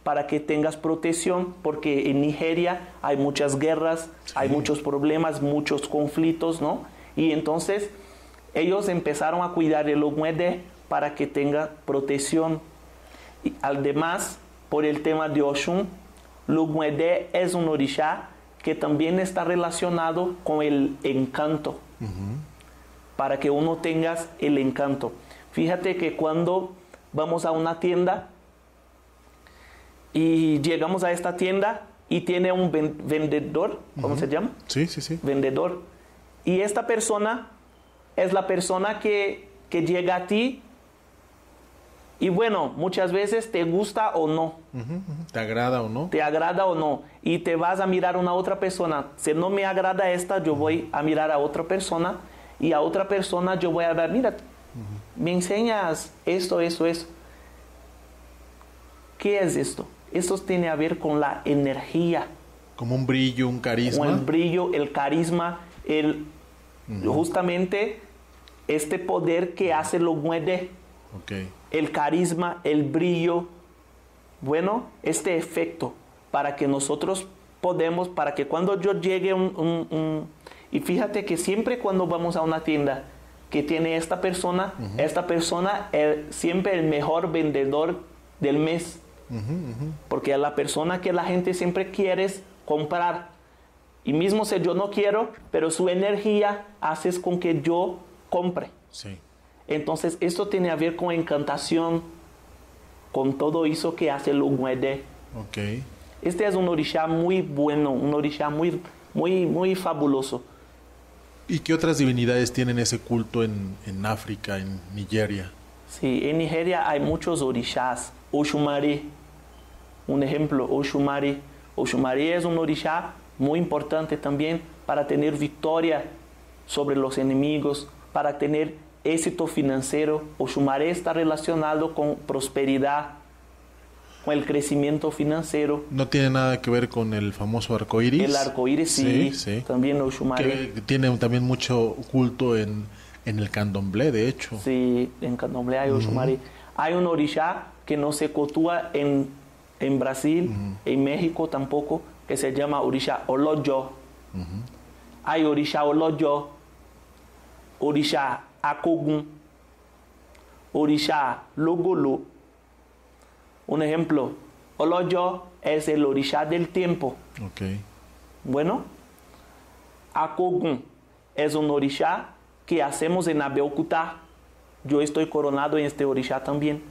para que tengas protección, porque en Nigeria hay muchas guerras, hay muchos problemas, muchos conflictos, ¿no? Y entonces ellos empezaron a cuidar el muelle para que tenga protección. Y además, por el tema de Oshun, Lugmuede es un orisha que también está relacionado con el encanto, para que uno tenga el encanto. Fíjate que cuando vamos a una tienda y llegamos a esta tienda y tiene un vendedor, ¿cómo se llama? Sí, sí, sí. Vendedor. Y esta persona es la persona que, llega a ti y bueno, muchas veces te gusta o no. Te agrada o no. Te agrada o no. Y te vas a mirar a una otra persona. Si no me agrada esta, yo voy a mirar a otra persona. Y a otra persona yo voy a ver, mira, me enseñas esto, eso, eso, ¿Qué es esto? Esto tiene a ver con la energía. Como un brillo, un carisma. Como el brillo, el carisma, el... Justamente este poder que hace lo mueve, el carisma, el brillo, bueno, este efecto, para que nosotros podemos, para que cuando yo llegue un, y fíjate que siempre cuando vamos a una tienda que tiene esta persona, esta persona es siempre el mejor vendedor del mes. Porque es la persona que la gente siempre quiere comprar. Y mismo si yo no quiero, pero su energía hace con que yo compre. Entonces, esto tiene a ver con encantación, con todo eso que hace el Ogwede. Este es un orisha muy bueno, un orisha muy, muy, muy fabuloso. ¿Y qué otras divinidades tienen ese culto en, África, en Nigeria? Sí, en Nigeria hay muchos orishas. Oshumari, un ejemplo, Oshumari. Oshumari es un orisha muy importante también para tener victoria sobre los enemigos, para tener éxito financiero. Shumaré está relacionado con prosperidad, con el crecimiento financiero. No tiene nada que ver con el famoso arco iris. El arco iris, sí, también Oshumaré. tiene también mucho culto en, en, el candomblé, de hecho. Sí, en candomblé hay Oshumaré. Hay un orisha que no se cotúa en, en Brasil, en México tampoco, que se llama orisha Oloyo. Hay orisha Oloyo orisha akogun, orisha logolo, un ejemplo Oloyo es el orisha del tiempo okay. bueno akogun es un orisha que hacemos en Abeokuta yo estoy coronado en este orisha también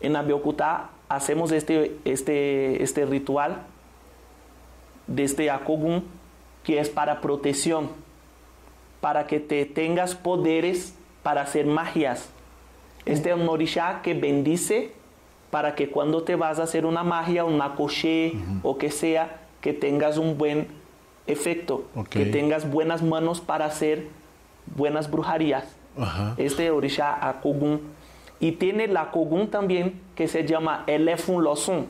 en Abeokuta hacemos este, este, este ritual de este akogun que es para protección para que te tengas poderes para hacer magias. Este es un orisha que bendice para que cuando te vas a hacer una magia, una coche o que sea, que tengas un buen efecto, que tengas buenas manos para hacer buenas brujerías. Este orisha Akogun. Y tiene la Kogun también que se llama Elefun Losun.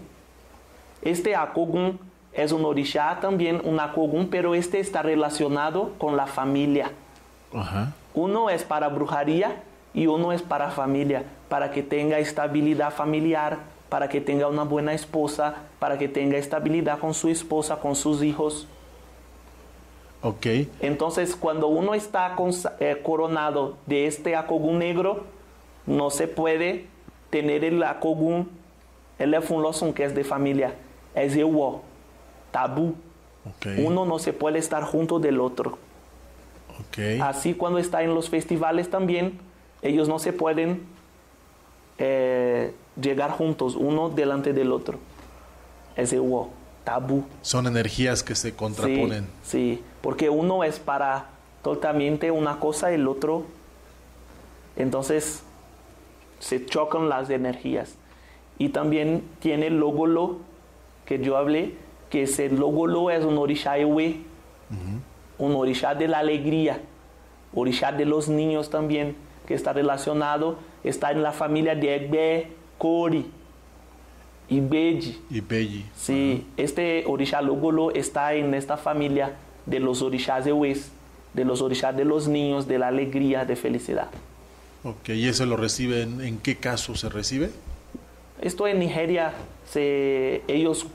Este Akogun es un orisha también, un akogún, pero este está relacionado con la familia. Uno es para brujería y uno es para familia, para que tenga estabilidad familiar, para que tenga una buena esposa, para que tenga estabilidad con su esposa, con sus hijos. Ok. Entonces, cuando uno está eh, coronado de este akogún negro, no se puede tener el akogun, el efunlosun, que es de familia, es el tabú. Uno no se puede estar junto del otro. Así cuando está en los festivales también, ellos no se pueden eh, llegar juntos, uno delante del otro. Ese wow, tabú. Son energías que se contraponen. Sí, porque uno es para totalmente una cosa, el otro. Entonces se chocan las energías. Y también tiene el que yo hablé, que ese logolo es un orisha ewe, un orisha de la alegría, orisha de los niños también, que está relacionado, está en la familia de Egbe Kori. y Ibeji. Sí, este orisha logolo está en esta familia de los orishas ewe, de los orisha de los niños, de la alegría, de felicidad. Ok, ¿y eso lo reciben? ¿En qué caso se recibe? Esto en Nigeria, se, ellos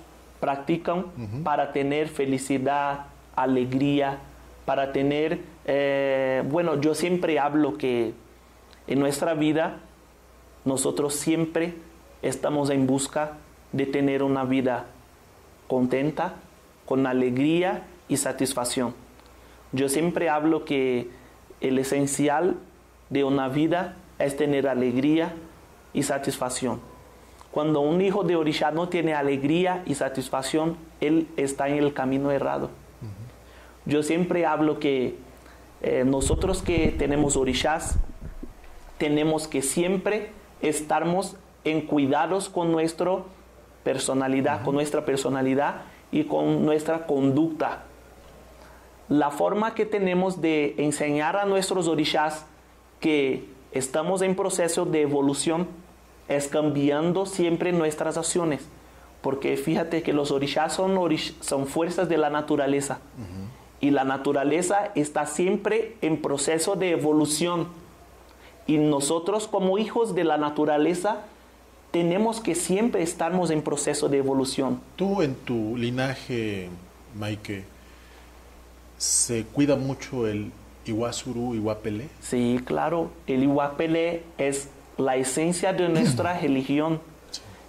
practican para tener felicidad, alegría, para tener, eh, bueno, yo siempre hablo que en nuestra vida nosotros siempre estamos en busca de tener una vida contenta, con alegría y satisfacción. Yo siempre hablo que el esencial de una vida es tener alegría y satisfacción. Cuando un hijo de Orisha no tiene alegría y satisfacción, él está en el camino errado. Yo siempre hablo que eh, nosotros que tenemos orishas, tenemos que siempre estar en cuidados con nuestra personalidad, con nuestra personalidad y con nuestra conducta. La forma que tenemos de enseñar a nuestros orishas que estamos en proceso de evolución es cambiando siempre nuestras acciones. Porque fíjate que los orishas son, son fuerzas de la naturaleza. Y la naturaleza está siempre en proceso de evolución. Y nosotros como hijos de la naturaleza tenemos que siempre estamos en proceso de evolución. Tú en tu linaje, Maike, se cuida mucho el Iwasuru, Iwapele. Sí, claro. El Iwapele es la esencia de nuestra religión.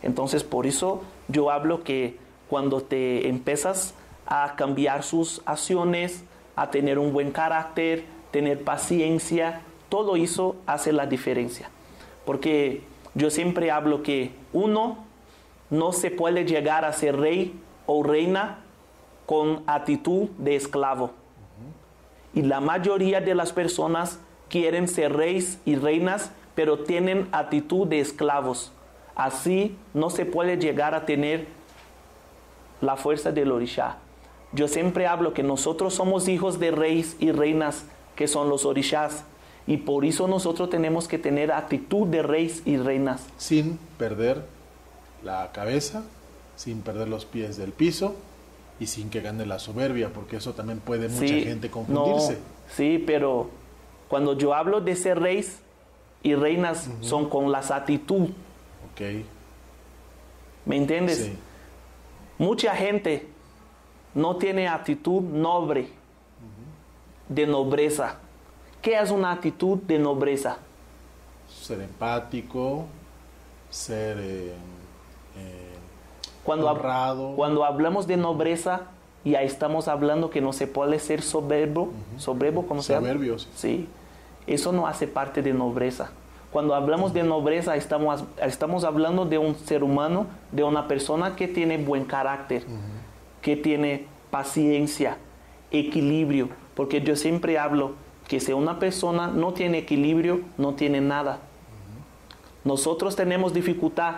Entonces, por eso yo hablo que cuando te empiezas a cambiar sus acciones, a tener un buen carácter, tener paciencia, todo eso hace la diferencia. Porque yo siempre hablo que uno no se puede llegar a ser rey o reina con actitud de esclavo. Y la mayoría de las personas quieren ser reyes y reinas pero tienen actitud de esclavos. Así no se puede llegar a tener la fuerza del orishá. Yo siempre hablo que nosotros somos hijos de reyes y reinas, que son los orishas Y por eso nosotros tenemos que tener actitud de reyes y reinas. Sin perder la cabeza, sin perder los pies del piso y sin que gane la soberbia, porque eso también puede mucha gente confundirse. sí, pero cuando yo hablo de ser rey y reinas son con las actitud. ¿Me entiendes? Mucha gente no tiene actitud noble, de nobreza. ¿Qué es una actitud de nobreza? Ser empático, ser eh, eh, cuando, honrado. Cuando hablamos de nobreza, ahí estamos hablando que no se puede ser soberbo, soberbo, ¿cómo se llama? Sí eso no hace parte de nobleza. Cuando hablamos de nobleza estamos, estamos hablando de un ser humano, de una persona que tiene buen carácter, que tiene paciencia, equilibrio. Porque yo siempre hablo que si una persona no tiene equilibrio, no tiene nada. Nosotros tenemos dificultad,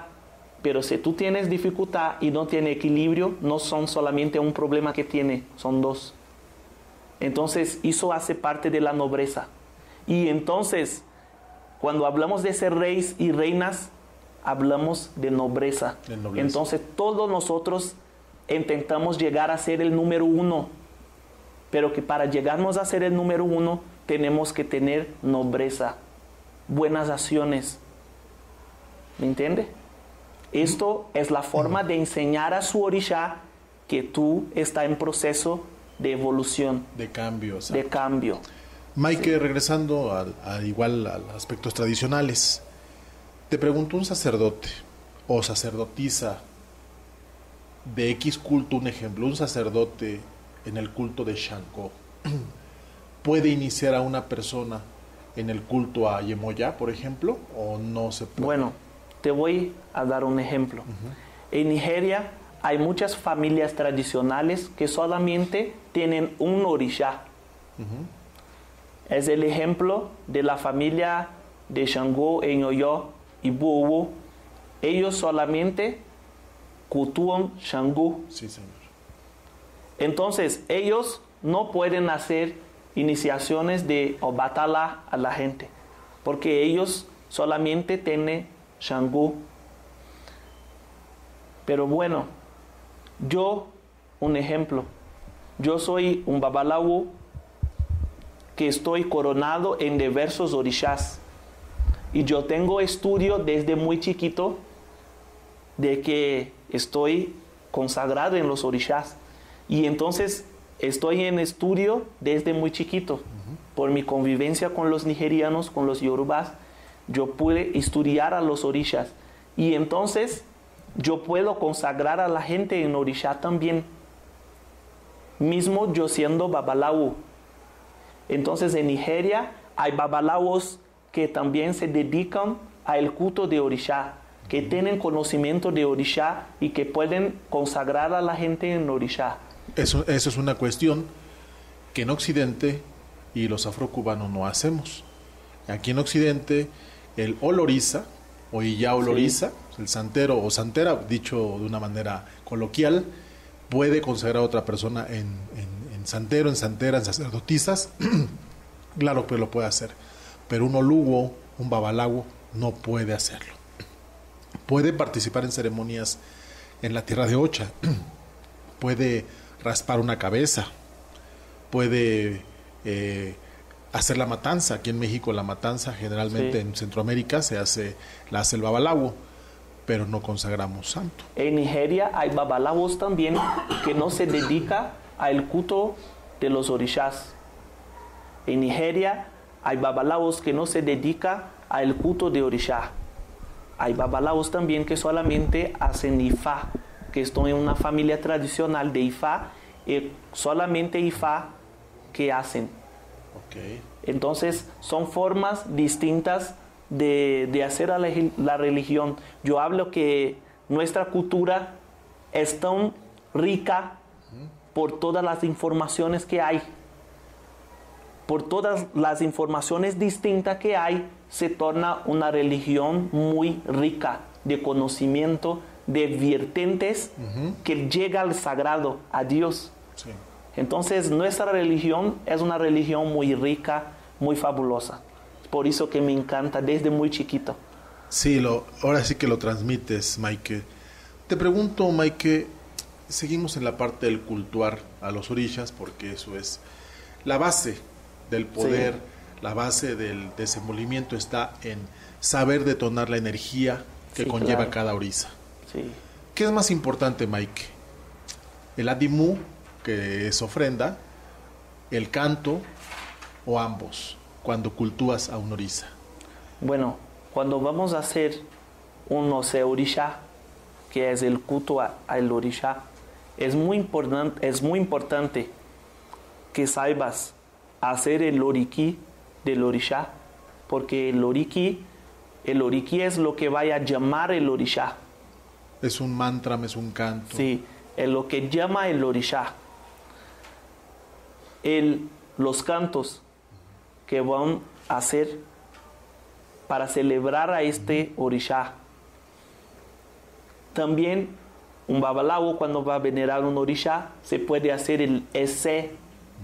pero si tú tienes dificultad y no tienes equilibrio, no son solamente un problema que tiene, son dos. Entonces, eso hace parte de la nobleza. Y entonces, cuando hablamos de ser reyes y reinas, hablamos de nobleza. Entonces, todos nosotros intentamos llegar a ser el número uno, pero que para llegarnos a ser el número uno tenemos que tener nobleza, buenas acciones. ¿Me entiende? Esto es la forma de enseñar a su orisha que tú estás en proceso de evolución. De cambio. De cambio. Mike, regresando al, igual a los aspectos tradicionales, te pregunto un sacerdote o sacerdotisa de X culto, un ejemplo, un sacerdote en el culto de Shango puede iniciar a una persona en el culto a Yemoya, por ejemplo, o no se puede? Bueno, te voy a dar un ejemplo. En Nigeria hay muchas familias tradicionales que solamente tienen un orisha es el ejemplo de la familia de en yoyo y bu-bu Ellos solamente cultúan Shangú. Sí, señor. Entonces, ellos no pueden hacer iniciaciones de Obatala a la gente, porque ellos solamente tienen Shangú. Pero bueno, yo, un ejemplo, yo soy un babalawu que estoy coronado en diversos orishas. Y yo tengo estudio desde muy chiquito de que estoy consagrado en los orishas. Y entonces estoy en estudio desde muy chiquito. Por mi convivencia con los nigerianos, con los yorubas, yo pude estudiar a los orishas. Y entonces yo puedo consagrar a la gente en orisha también. Mismo yo siendo babalawo entonces en Nigeria hay babalawos que también se dedican al culto de Orisha, que tienen conocimiento de Orisha y que pueden consagrar a la gente en Orisha. Eso, es una cuestión que en Occidente y los afrocubanos no hacemos. Aquí en Occidente el oloriza o ya oloriza, el santero o santera, dicho de una manera coloquial, puede consagrar a otra persona en, en santero, en santera, en sacerdotisas, claro que lo puede hacer. Pero un olugo, un babalago, no puede hacerlo. Puede participar en ceremonias en la tierra de Ocha, puede raspar una cabeza, puede eh, hacer la matanza. Aquí en México la matanza generalmente en Centroamérica se hace, la hace el babalago, pero no consagramos santo. En Nigeria hay babalagos también que no se dedica al culto de los orishas. En Nigeria hay babalaos que no se dedican al culto de orisha Hay babalaos también que solamente hacen ifá, que están en una familia tradicional de ifá y eh, solamente ifá que hacen. Entonces son formas distintas de, hacer la, la, religión. Yo hablo que nuestra cultura es tan rica por todas las informaciones que hay. Por todas las informaciones distintas que hay, se torna una religión muy rica de conocimiento, de vertientes que llega al sagrado, a Dios. Entonces nuestra religión es una religión muy rica, muy fabulosa. Por eso que me encanta desde muy chiquito. Sí, lo, ahora sí que lo transmites, Mike. Te pregunto, Mike, seguimos en la parte del cultuar a los orillas, porque eso es la base del poder, la base del desenvolvimiento está en saber detonar la energía que conlleva cada orisa. ¿Qué es más importante, Mike? ¿El adimu, que es ofrenda, el canto o ambos, cuando cultúas a un orisa? Bueno, cuando vamos a hacer un orisha, que es el culto al orisha, es muy, importante, es muy importante que saibas hacer el oriki del orisha porque el oriki, el oriki es lo que vaya a llamar el orisha Es un mantra, es un canto. Sí, es lo que llama el orisha El, los cantos que van a hacer para celebrar a este orisha También un babalao cuando va a venerar un orisha, se puede hacer el ese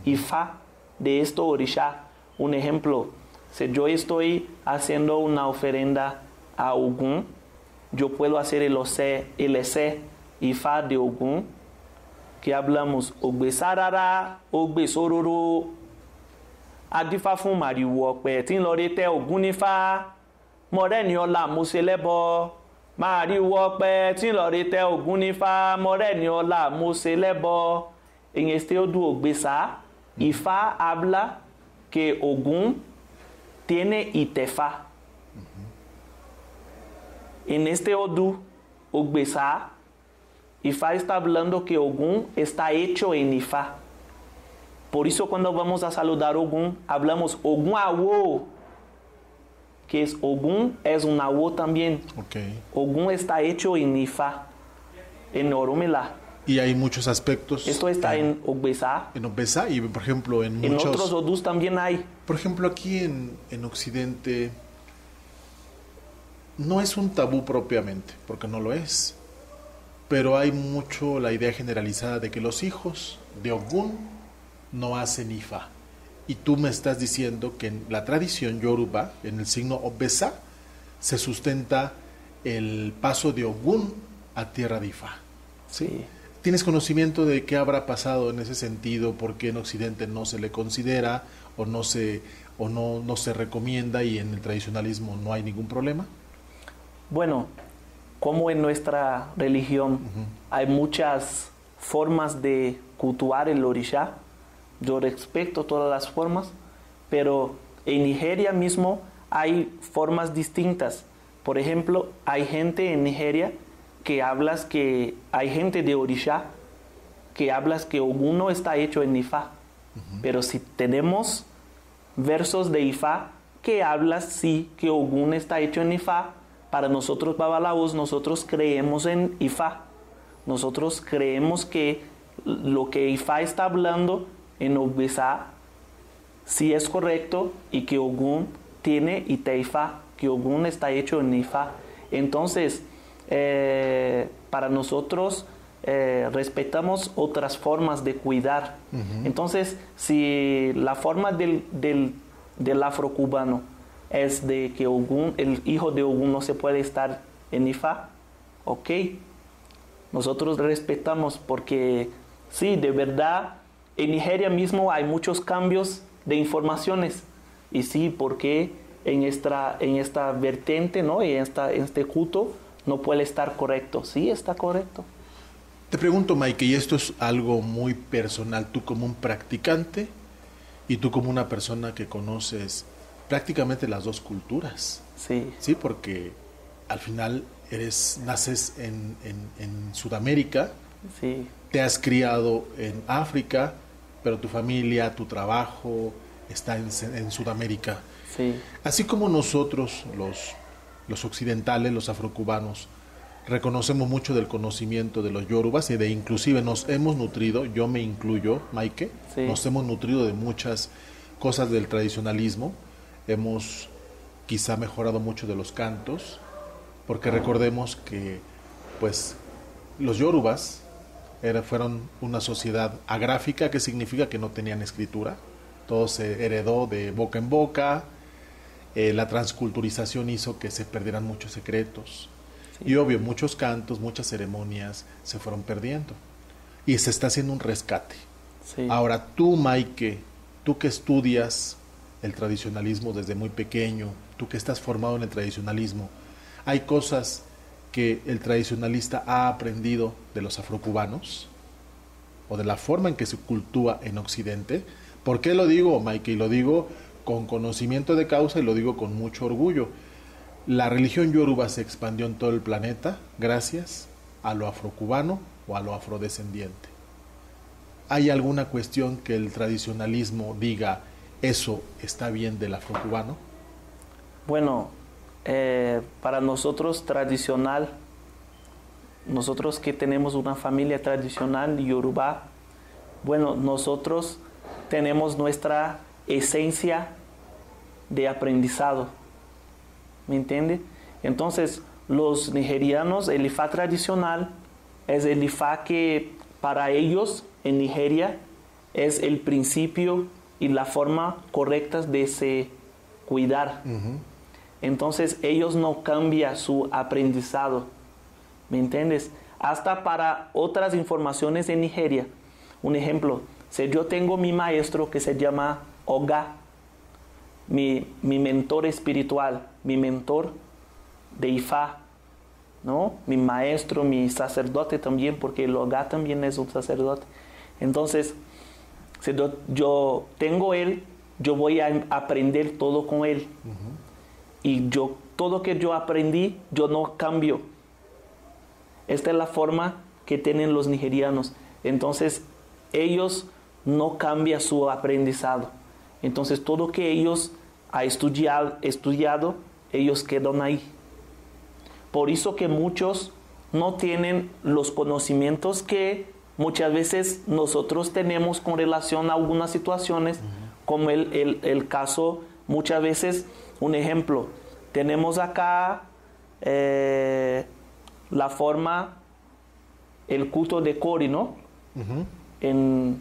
y fa de esto orisha. Un ejemplo, si yo estoy haciendo una ofrenda a Ogun, yo puedo hacer el ese, el ese y fa de Ogun, que hablamos ogbe sarara, ogbe sororo, adifa fún mariwo pe pues, tin máa rí wọ pẹ tí lọrí tẹ ògún nífà mọrẹni ọlá mọṣẹ lẹbọ ìyẹn tí ó dùn ògbésà ìfà abla ke ògún tiene ìtẹfà ìyẹn tí ó dùn ògbésà ìfà está hablando que ògún está hecho en ifá por eso cuando vamos a saludar ògún hablamos ògún que es Ogún, es un Nahuatl también. Okay. está hecho en Ifa, en Oromela. Y hay muchos aspectos. Esto está en, En Obesa y, por ejemplo, en muchos... En otros Odus también hay. Por ejemplo, aquí en, Occidente no es un tabú propiamente, porque no lo es. Pero hay mucho la idea generalizada de que los hijos de Ogun no hacen Ifa y tú me estás diciendo que en la tradición yoruba, en el signo Obesa, se sustenta el paso de Ogún a Tierra de Sí. ¿Tienes conocimiento de qué habrá pasado en ese sentido? ¿Por qué en Occidente no se le considera o no se, o no, se recomienda y en el tradicionalismo no hay ningún problema? Bueno, como en nuestra religión hay muchas formas de cultuar el Orisha yo respeto todas las formas, pero en Nigeria mismo hay formas distintas. Por ejemplo, hay gente en Nigeria que hablas que hay gente de Orisha que hablas que uno está hecho en Ifa. Pero si tenemos versos de Ifá que hablas sí que Ogún está hecho en Ifa, para nosotros babalaos nosotros creemos en Ifa. Nosotros creemos que lo que Ifa está hablando en Obesa si es correcto y que Ogún tiene Itaifa, que Ogún está hecho en Ifa. Entonces, eh, para nosotros eh, respetamos otras formas de cuidar. Entonces, si la forma del, del, del afrocubano es de que Ogún, el hijo de Ogún no se puede estar en Ifa, ok. Nosotros respetamos porque sí, de verdad en Nigeria mismo hay muchos cambios de informaciones. Y sí, porque en esta, en esta vertiente, ¿no? en, esta, en este culto, no puede estar correcto. Sí, está correcto. Te pregunto, Mike, y esto es algo muy personal, tú como un practicante y tú como una persona que conoces prácticamente las dos culturas. Sí. Sí, porque al final eres, naces en, en Sudamérica, sí. te has criado en África, pero tu familia, tu trabajo está en, Sudamérica. Así como nosotros, los, los occidentales, los afrocubanos, reconocemos mucho del conocimiento de los yorubas y de inclusive nos hemos nutrido, yo me incluyo, Maike, nos hemos nutrido de muchas cosas del tradicionalismo, hemos quizá mejorado mucho de los cantos, porque recordemos que pues los yorubas fueron una sociedad agráfica, que significa que no tenían escritura. Todo se heredó de boca en boca. Eh, la transculturización hizo que se perdieran muchos secretos. Y obvio, muchos cantos, muchas ceremonias se fueron perdiendo. Y se está haciendo un rescate. Ahora tú, Maike, tú que estudias el tradicionalismo desde muy pequeño, tú que estás formado en el tradicionalismo, hay cosas que el tradicionalista ha aprendido de los afrocubanos o de la forma en que se cultúa en Occidente. ¿Por qué lo digo, Mike? Y lo digo con conocimiento de causa y lo digo con mucho orgullo. La religión yoruba se expandió en todo el planeta gracias a lo afrocubano o a lo afrodescendiente. ¿Hay alguna cuestión que el tradicionalismo diga eso está bien del afrocubano? Bueno, eh, para nosotros tradicional, nosotros que tenemos una familia tradicional yoruba, bueno, nosotros tenemos nuestra esencia de aprendizado. ¿Me entiende? Entonces, los nigerianos, el IFA tradicional es el IFA que para ellos en Nigeria es el principio y la forma correcta de se cuidar entonces ellos no cambian su aprendizado. ¿Me entiendes? Hasta para otras informaciones en Nigeria. Un ejemplo, si yo tengo mi maestro que se llama Oga, mi, mi mentor espiritual, mi mentor de Ifa, ¿no? Mi maestro, mi sacerdote también, porque el Oga también es un sacerdote. Entonces, si yo, tengo él, yo voy a em, aprender todo con él y yo todo lo que yo aprendí, yo no cambio. Esta es la forma que tienen los nigerianos. Entonces, ellos no cambian su aprendizado. Entonces, todo lo que ellos han estudiado, ellos quedan ahí. Por eso que muchos no tienen los conocimientos que muchas veces nosotros tenemos con relación a algunas situaciones, como el caso muchas veces un ejemplo, tenemos acá eh, la forma, el culto de Cori, ¿no? en,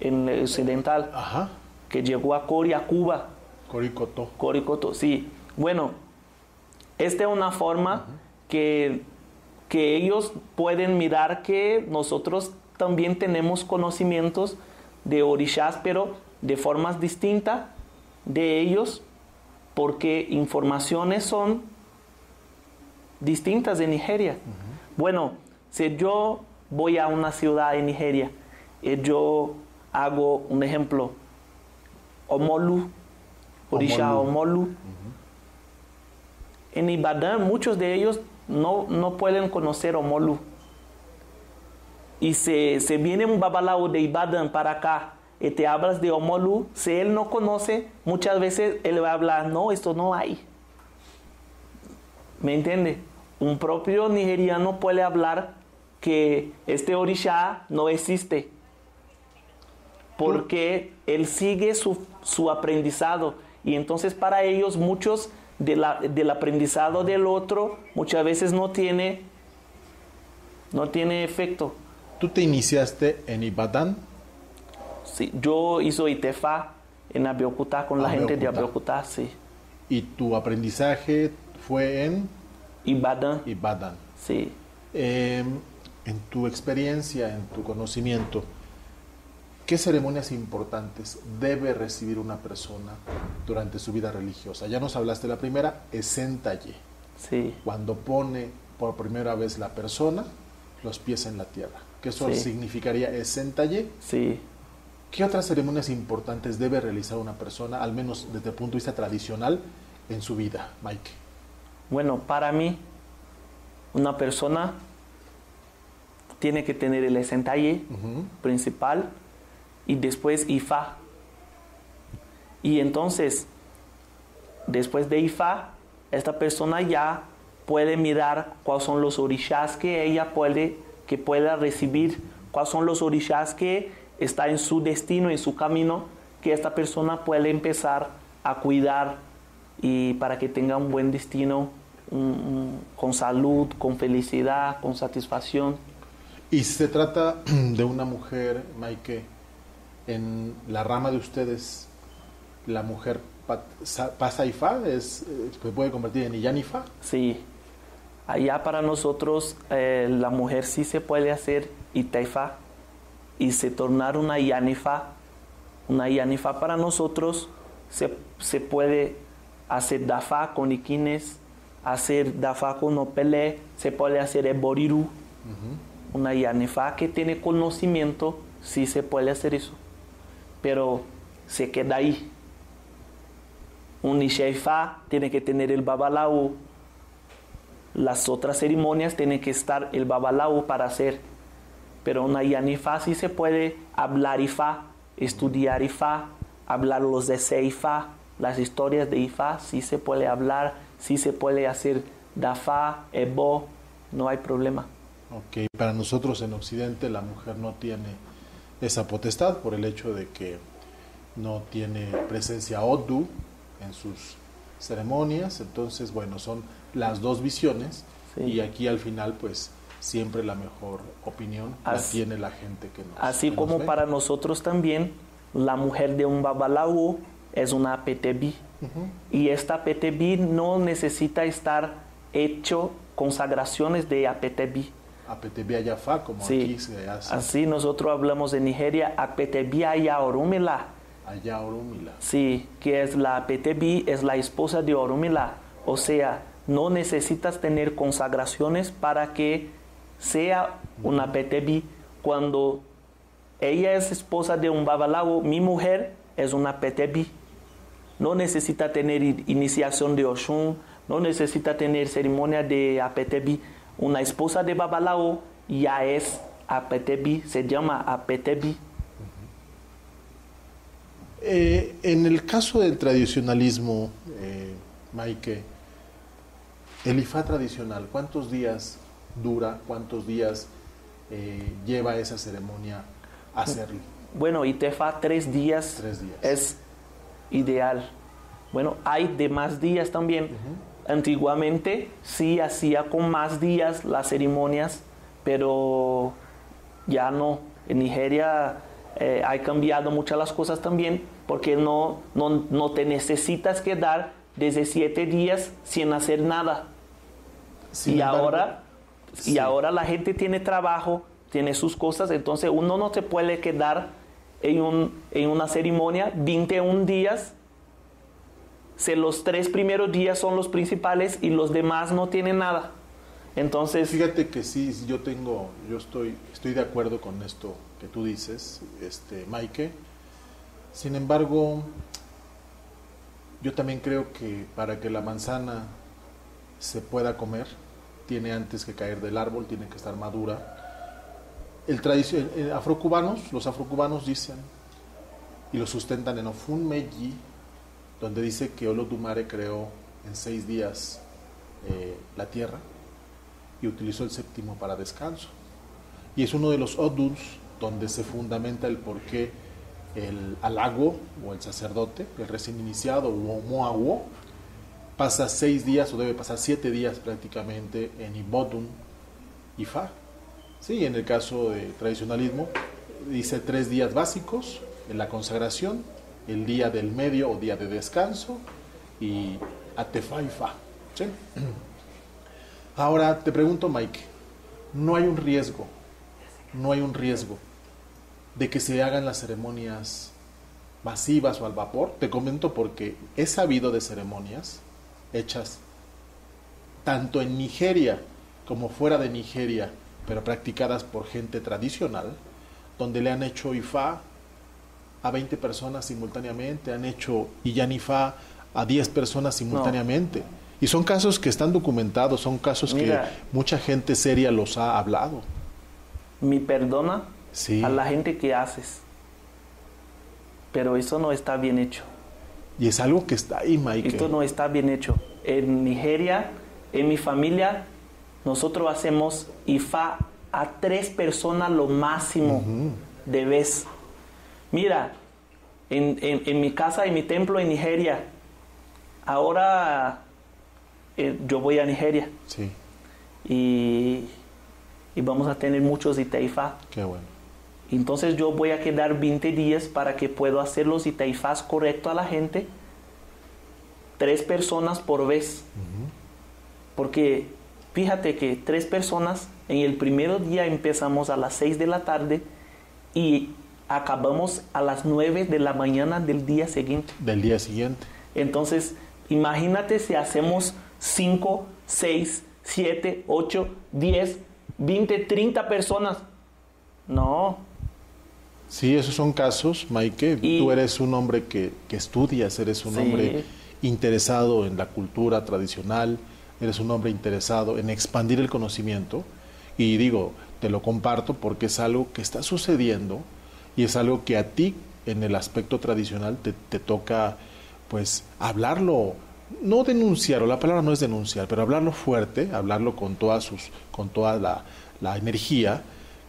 el occidental, Ajá. que llegó a Cori, a Cuba. Coricoto. Coricoto, sí. Bueno, esta es una forma que, que ellos pueden mirar que nosotros también tenemos conocimientos de orishas, pero de formas distintas de ellos porque informaciones son distintas de Nigeria. Bueno, si yo voy a una ciudad en Nigeria, y eh, yo hago un ejemplo, Omolu, Orisha Omolu. En Ibadan muchos de ellos no, no pueden conocer Omolu. Y se, se viene un babalao de Ibadan para acá y eh, te hablas de Omolu, si él no conoce, muchas veces él va a hablar, no, esto no hay. ¿Me entiende? Un propio nigeriano puede hablar que este orisha no existe. Porque él sigue su, su aprendizado. Y entonces para ellos muchos de la, del aprendizado del otro muchas veces no tiene, no tiene efecto. ¿Tú te iniciaste en Ibadan? yo hice ITEFA en Abiocutá, con la ah, gente de Abiocutá, sí. ¿Y tu aprendizaje fue en? Ibadan. Ibadan. Sí. Em, en tu experiencia, en tu conocimiento, ¿Qué ceremonias importantes debe recibir una persona durante su vida religiosa? Ya nos hablaste de la primera, esentaye. Sí. Cuando pone por primera vez la persona los pies en la tierra. ¿Qué eso significaría esentalle? Sí. ¿Qué otras ceremonias importantes debe realizar una persona, al menos desde el punto de vista tradicional, en su vida, Mike? Bueno, para mí, una persona tiene que tener el centaje principal y después IFA. Y entonces, después de IFA, esta persona ya puede mirar cuáles son los orishas que ella puede, que pueda recibir, cuáles son los orishas que está en su destino, en su camino, que esta persona puede empezar a cuidar y para que tenga un buen destino con salud, con felicidad, con satisfacción. Y se trata de una mujer, Maike, en la rama de ustedes, la mujer pasa y fa, es, eh, se puede convertir en Iyan y fa. Sí, allá para nosotros eh, la mujer sí se puede hacer y itaifa y se tornar una yanifa. Una yanifa para nosotros se, se puede hacer dafa con Iquines, hacer dafa con opele, se puede hacer eboriru. Una yanifa que tiene conocimiento, sí se puede hacer eso. Pero se queda ahí. Un isheifa tiene que tener el babalao. Las otras ceremonias tienen que estar el babalao para hacer pero una yanifa sí se puede hablar ifá, estudiar ifá, hablar los de Seifa, las historias de ifá sí se puede hablar, sí se puede hacer dafa ebo, no hay problema. Ok, para nosotros en Occidente la mujer no tiene esa potestad por el hecho de que no tiene presencia Odu en sus ceremonias, entonces bueno, son las dos visiones y aquí al final pues siempre la mejor opinión la tiene la gente que nos Así como para nosotros también, la mujer de un babalaú es una PTB. Y esta PTB no necesita estar hecho consagraciones de APTB. APTB Ayafá, como aquí Así nosotros hablamos de Nigeria, APTB Ayahorumila. orumila Sí, que es la APTB, es la esposa de Orumila. O sea, no necesitas tener consagraciones para que sea una PTB. Cuando ella es esposa de un babalao, mi mujer es una PTB. No necesita tener iniciación de Oshun, no necesita tener ceremonia de APTB. Una esposa de babalao ya es APTB, se llama APTB. Eh, en el caso del tradicionalismo, eh, Maike, el IFA tradicional, ¿cuántos días dura, cuántos días eh, lleva esa ceremonia a hacerlo. Bueno, ITEFA tres días, tres días es ideal. Bueno, hay de más días también. Antiguamente sí hacía con más días las ceremonias, pero ya no. En Nigeria eh, hay cambiado muchas las cosas también, porque no, no, te necesitas quedar desde siete días sin hacer nada. y ahora y ahora la gente tiene trabajo, tiene sus cosas, entonces uno no se puede quedar en, un, en una ceremonia 21 días. Si los tres primeros días son los principales y los demás no tienen nada. Entonces. Fíjate que sí, yo tengo, yo estoy, estoy de acuerdo con esto que tú dices, este, Maike. Sin embargo, yo también creo que para que la manzana se pueda comer, tiene antes que caer del árbol, tiene que estar madura. El, afrocubanos, los afrocubanos dicen y lo sustentan en Ofun Meji, donde dice que Olodumare creó en seis días eh, la tierra y utilizó el séptimo para descanso. Y es uno de los Oduns donde se fundamenta el por el halago o el sacerdote, el recién iniciado o pasa seis días o debe pasar siete días prácticamente en Ibotum y Fa. Sí, en el caso de tradicionalismo, dice tres días básicos en la consagración, el día del medio o día de descanso y Atefa y Fa. Ahora te pregunto, Mike, no hay un riesgo, no hay un riesgo de que se hagan las ceremonias masivas o al vapor. Te comento porque he sabido de ceremonias hechas tanto en Nigeria como fuera de Nigeria, pero practicadas por gente tradicional, donde le han hecho ifa a 20 personas simultáneamente, han hecho Ifa a 10 personas simultáneamente. Y son casos que están documentados, son casos que mucha gente seria los ha hablado. Mi perdona a la gente que haces, pero eso no está bien hecho. Y es algo que está ahí, Mike. Esto no está bien hecho. En Nigeria, en mi familia, nosotros hacemos IFA a tres personas lo máximo de vez. Mira, en, mi casa, en mi templo en Nigeria, ahora eh, yo voy a Nigeria. Sí. Y, y, vamos a tener muchos ifa Qué bueno entonces yo voy a quedar 20 días para que pueda hacer los itaifás correcto a la gente. Tres personas por vez. Porque fíjate que tres personas en el primer día empezamos a las 6 de la tarde y acabamos a las 9 de la mañana del día siguiente. Del día siguiente. Entonces, imagínate si hacemos 5, 6, 7, 8, 10, 20, 30 personas. No, Sí, esos son casos, Maike. Tú eres un hombre que, que estudias, eres un hombre interesado en la cultura tradicional, eres un hombre interesado en expandir el conocimiento. Y digo, te lo comparto porque es algo que está sucediendo y es algo que a ti en el aspecto tradicional te, toca pues hablarlo, no denunciarlo, la palabra no es denunciar, pero hablarlo fuerte, hablarlo con todas sus, con toda la energía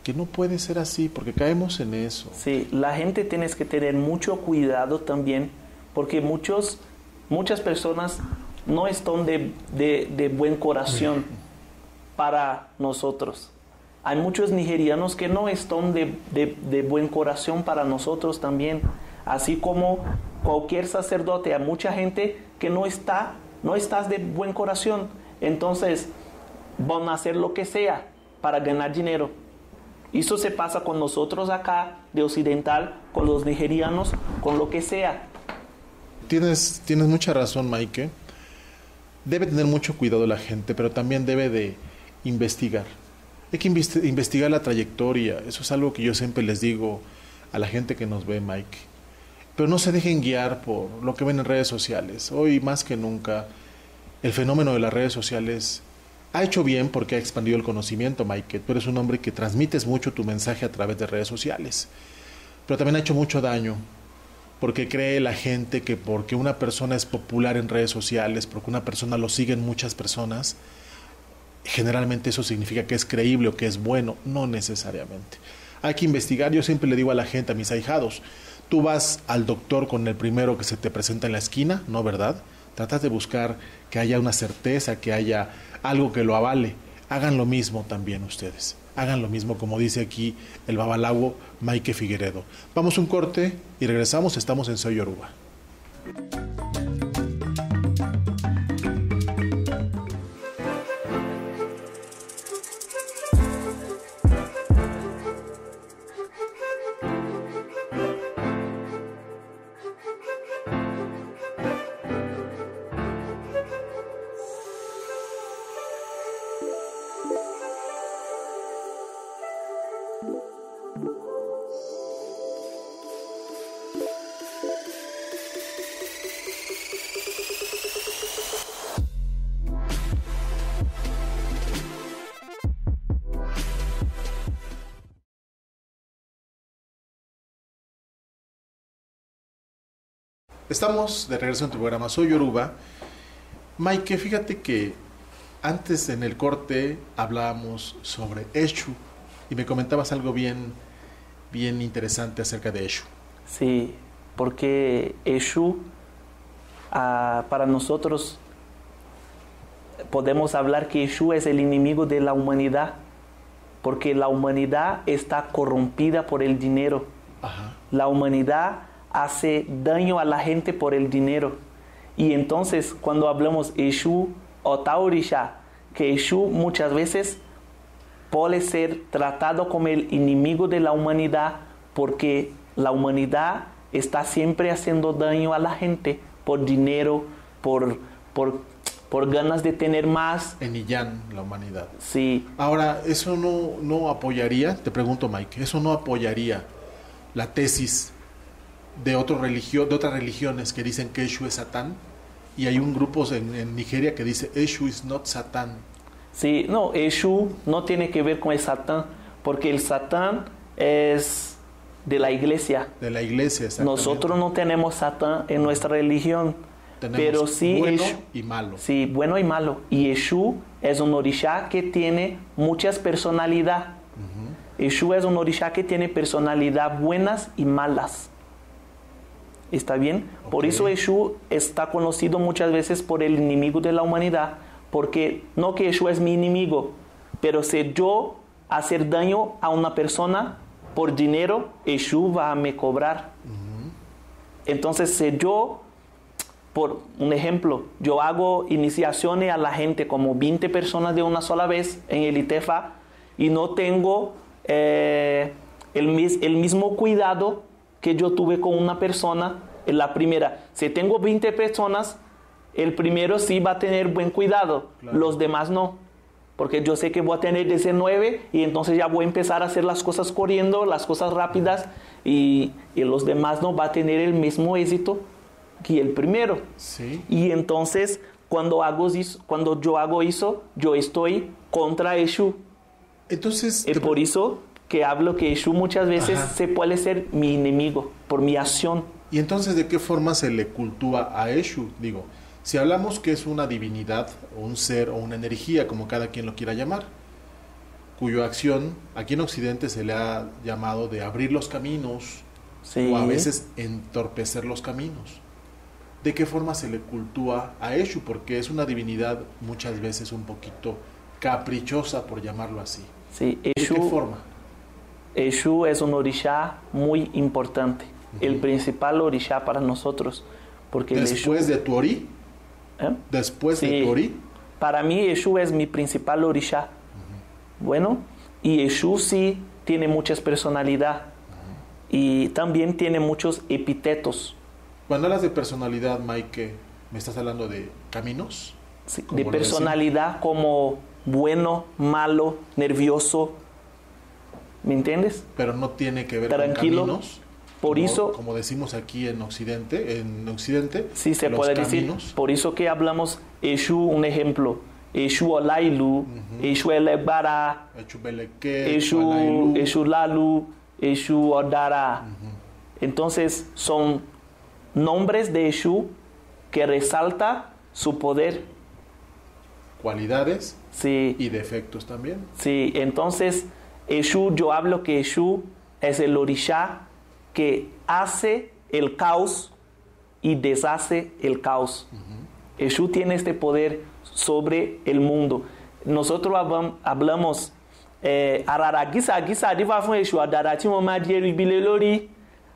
que no puede ser así, porque caemos en eso. Sí, la gente tienes que tener mucho cuidado también, porque muchos, muchas personas no están de, buen corazón para nosotros. Hay muchos nigerianos que no están de, de, buen corazón para nosotros también, así como cualquier sacerdote, hay mucha gente que no está, no estás de buen corazón, entonces van a hacer lo que sea para ganar dinero eso se pasa con nosotros acá de occidental, con los nigerianos, con lo que sea. Tienes, tienes mucha razón, Mike. Debe tener mucho cuidado la gente, pero también debe de investigar. Hay que investigar la trayectoria. Eso es algo que yo siempre les digo a la gente que nos ve, Mike. Pero no se dejen guiar por lo que ven en redes sociales. Hoy más que nunca, el fenómeno de las redes sociales ha hecho bien porque ha expandido el conocimiento, Mike, tú eres un hombre que transmites mucho tu mensaje a través de redes sociales. Pero también ha hecho mucho daño porque cree la gente que porque una persona es popular en redes sociales, porque una persona lo siguen muchas personas, generalmente eso significa que es creíble o que es bueno, no necesariamente. Hay que investigar, yo siempre le digo a la gente, a mis ahijados, tú vas al doctor con el primero que se te presenta en la esquina, ¿no verdad? Tratas de buscar que haya una certeza, que haya algo que lo avale. Hagan lo mismo también ustedes. Hagan lo mismo como dice aquí el babalago mike Figueredo. Vamos un corte y regresamos. Estamos en Soyoruba Estamos de regreso en tu programa Soy Yoruba. Mike, fíjate que antes en el corte hablábamos sobre Eshu y me comentabas algo bien, bien interesante acerca de Eshu. Sí, porque Eshu ah, para nosotros podemos hablar que Eshu es el enemigo de la humanidad, porque la humanidad está corrompida por el dinero. La humanidad hace daño a la gente por el dinero. Y entonces cuando hablamos Eshu o Taurisha, que Eshu muchas veces puede ser tratado como el enemigo de la humanidad porque la humanidad está siempre haciendo daño a la gente por dinero, por, por, ganas de tener más. En Iyan la humanidad. Sí. Ahora, ¿eso no, no apoyaría? Te pregunto, Mike, ¿eso no apoyaría la tesis de, de otras religiones que dicen que Eshu es Satán, y hay un grupo en, Nigeria que dice Eshu is not Satán. Sí, no, Eshu no tiene que ver con el Satán, porque el Satán es de la iglesia. De la iglesia, Nosotros no tenemos Satán en nuestra religión. pero sí bueno Eshu, y malo. Sí, bueno y malo. Y Eshu es un orisha que tiene muchas personalidades. Eshu es un orisha que tiene personalidades buenas y malas. ¿Está bien? Por eso Yeshua está conocido muchas veces por el enemigo de la humanidad, porque no que Yeshua es mi enemigo, pero si yo hacer daño a una persona por dinero, Yeshua va a me cobrar. Entonces, si yo, por un ejemplo, yo hago iniciaciones a la gente, como 20 personas de una sola vez en el ITEFA, y no tengo eh, el mismo cuidado que yo tuve con una persona, en la primera. Si tengo 20 personas, el primero sí va a tener buen cuidado, los demás no. Porque yo sé que voy a tener 19 y entonces ya voy a empezar a hacer las cosas corriendo, las cosas rápidas y, los demás no va a tener el mismo éxito que el primero. Y entonces cuando, hago eso, cuando yo hago eso, yo estoy contra Eshu. Entonces... Eh, por eso que hablo que Eshu muchas veces se puede ser mi enemigo por mi acción. ¿Y entonces de qué forma se le cultúa a Eshu? Digo, si hablamos que es una divinidad, un ser, o una energía, como cada quien lo quiera llamar, cuya acción aquí en Occidente se le ha llamado de abrir los caminos, o a veces entorpecer los caminos. ¿De qué forma se le cultúa a Eshu? Porque es una divinidad muchas veces un poquito caprichosa, por llamarlo así. ¿De qué forma? Eshu es un orisha muy importante, el principal orisha para nosotros. Porque ¿Después de tu ¿Eh? ¿Después de tu Para mí Eshu es mi principal orisha. Bueno, y Eshu sí tiene muchas personalidades y también tiene muchos epitetos. Cuando hablas de personalidad, Mike, ¿me estás hablando de caminos? Sí, de personalidad como bueno, malo, nervioso, ¿Me entiendes? Pero no tiene que ver con caminos. Por eso, como decimos aquí en Occidente, en Occidente, sí se puede decir. Por eso que hablamos Eshu, un ejemplo, Eshu Olailu, Eshu Elebara, Eshu Lalu, Eshu Odara. Entonces son nombres de Eshu que resalta su poder. Cualidades sí. y defectos también. Sí, entonces Eshu, yo hablo que Eshu es el orishá que hace el caos y deshace el caos. Uh -huh. Eshu tiene este poder sobre el mundo. Nosotros hablamos eh, Araragisa, gisa gisa adifa Eshu adara tí wọ́n máa di eribile lórí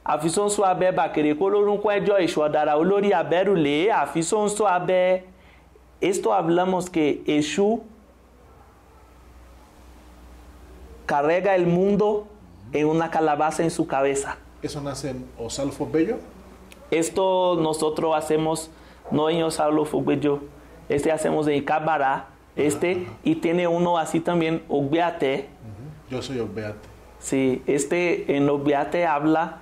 àfisóńsó abẹ bàkèrèkó lórúkọ ejo Eshu adara olórí abẹ́rùlé àfisóńsó abe Esto hablamos que Eshu carrega el mundo en una calabaza en su cabeza. ¿Eso nace en Osalfo Bello? Esto nosotros hacemos no en Osalfo Bello, este hacemos en Icabará, este, y tiene uno así también, Ogbeate. Yo soy Ogbeate. Sí, este en Ogbeate habla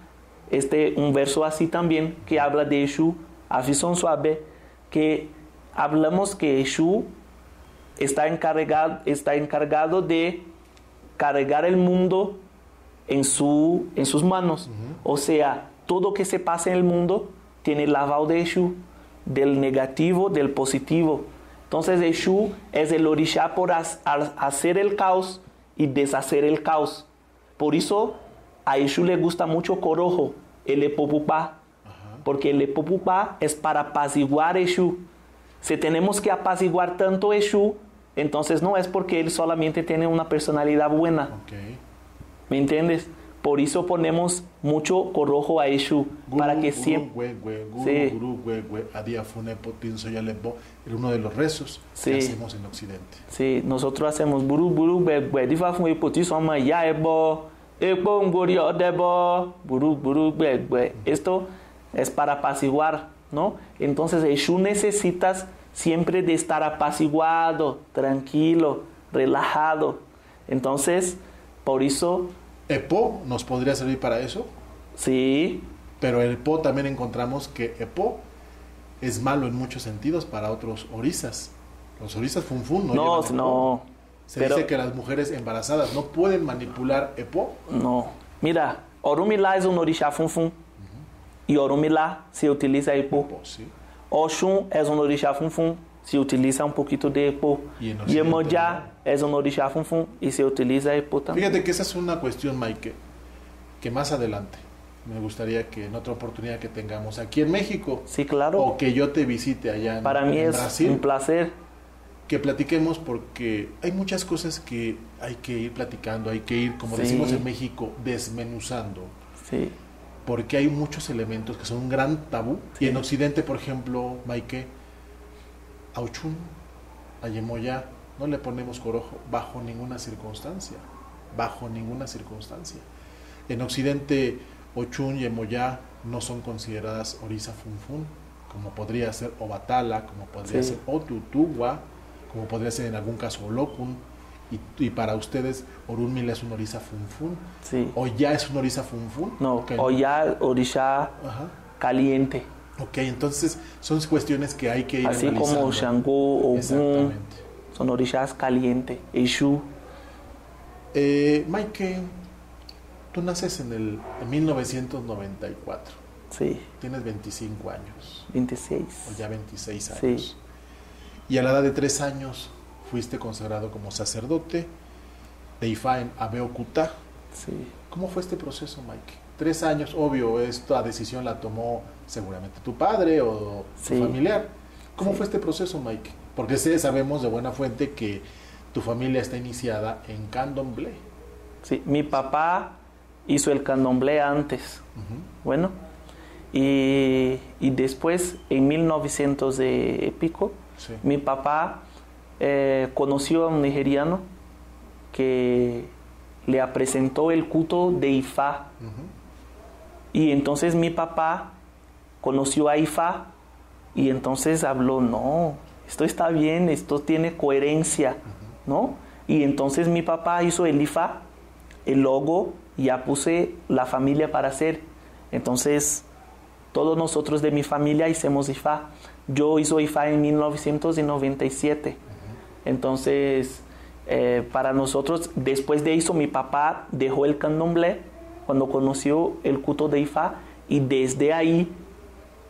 este, un verso así también que habla de Yeshua, son suave, que hablamos que Yeshua está encargado, está encargado de cargar el mundo en, su, en sus manos. O sea, todo que se pasa en el mundo tiene el lavado de Eshu, del negativo, del positivo. Entonces Eshu es el orisha por hacer el caos y deshacer el caos. Por eso a Eshu le gusta mucho corojo, el epopupá, porque el epopupá es para apaciguar Eshu. Si tenemos que apaciguar tanto Eshu, entonces no es porque él solamente tiene una personalidad buena. ¿Me entiendes? Por eso ponemos mucho corrojo a Eshu para que siempre. sí. uno de los rezos que hacemos en Occidente. Sí, nosotros hacemos guru, guru, we, we, ya ebo, Ebo, guru, Esto es para apaciguar, ¿no? Entonces Eshu necesitas siempre de estar apaciguado, tranquilo, relajado. Entonces, por eso... ¿Epo nos podría servir para eso? Sí. Pero el Po también encontramos que Epo es malo en muchos sentidos para otros orisas. Los orisas funfun no No, no. Se dice que las mujeres embarazadas no pueden manipular Epo. No. Mira, Orumila es un orisha funfun. Y Orumila se utiliza Epo. epo sí. Oshun es un orisha funfun, se utiliza un poquito de epo. Y, en es un orisha funfun y se utiliza epo también. Fíjate que esa es una cuestión, Mike, que más adelante me gustaría que en otra oportunidad que tengamos aquí en México. Sí, claro. O que yo te visite allá en, Para mí es un placer. Que platiquemos porque hay muchas cosas que hay que ir platicando, hay que ir, como decimos en México, desmenuzando. Sí porque hay muchos elementos que son un gran tabú. Y en Occidente, por ejemplo, Maike, a Ochun, a Yemoya, no le ponemos corojo bajo ninguna circunstancia. Bajo ninguna circunstancia. En Occidente, Ochun y Yemoyá no son consideradas Orisa Funfun, como podría ser Obatala, como podría ser Otutuwa, como podría ser en algún caso Olokun y, para ustedes Orunmila es un orisa funfun. Sí. O ya es un orisa funfun. No, okay. o ya orisa caliente. Ok, entonces son cuestiones que hay que ir Así como Shango, Ogun, son orishas caliente, Eshu. Eh, Mike, tú naces en el 1994. Sí. Tienes 25 años. 26. ya 26 años. Sí. Y a la edad de 3 años fuiste consagrado como sacerdote de Ifá en Beokuta. Sí. ¿Cómo fue este proceso, Mike? Tres años, obvio, esta decisión la tomó seguramente tu padre o tu familiar. ¿Cómo fue este proceso, Mike? Porque sé, sabemos de buena fuente que tu familia está iniciada en candomblé. Sí, mi papá hizo el candomblé antes. Bueno, y, y, después, en 1900 de pico, mi papá eh, conoció a un nigeriano que le presentó el culto de Ifá. Y entonces mi papá conoció a Ifá y entonces habló, no, esto está bien, esto tiene coherencia, ¿no? Y entonces mi papá hizo el Ifá el logo, ya puse la familia para hacer. Entonces, todos nosotros de mi familia hicimos Ifá Yo hice Ifá en 1997. Entonces, eh, para nosotros, después de eso, mi papá dejó el candomblé cuando conoció el culto de Ifá y desde ahí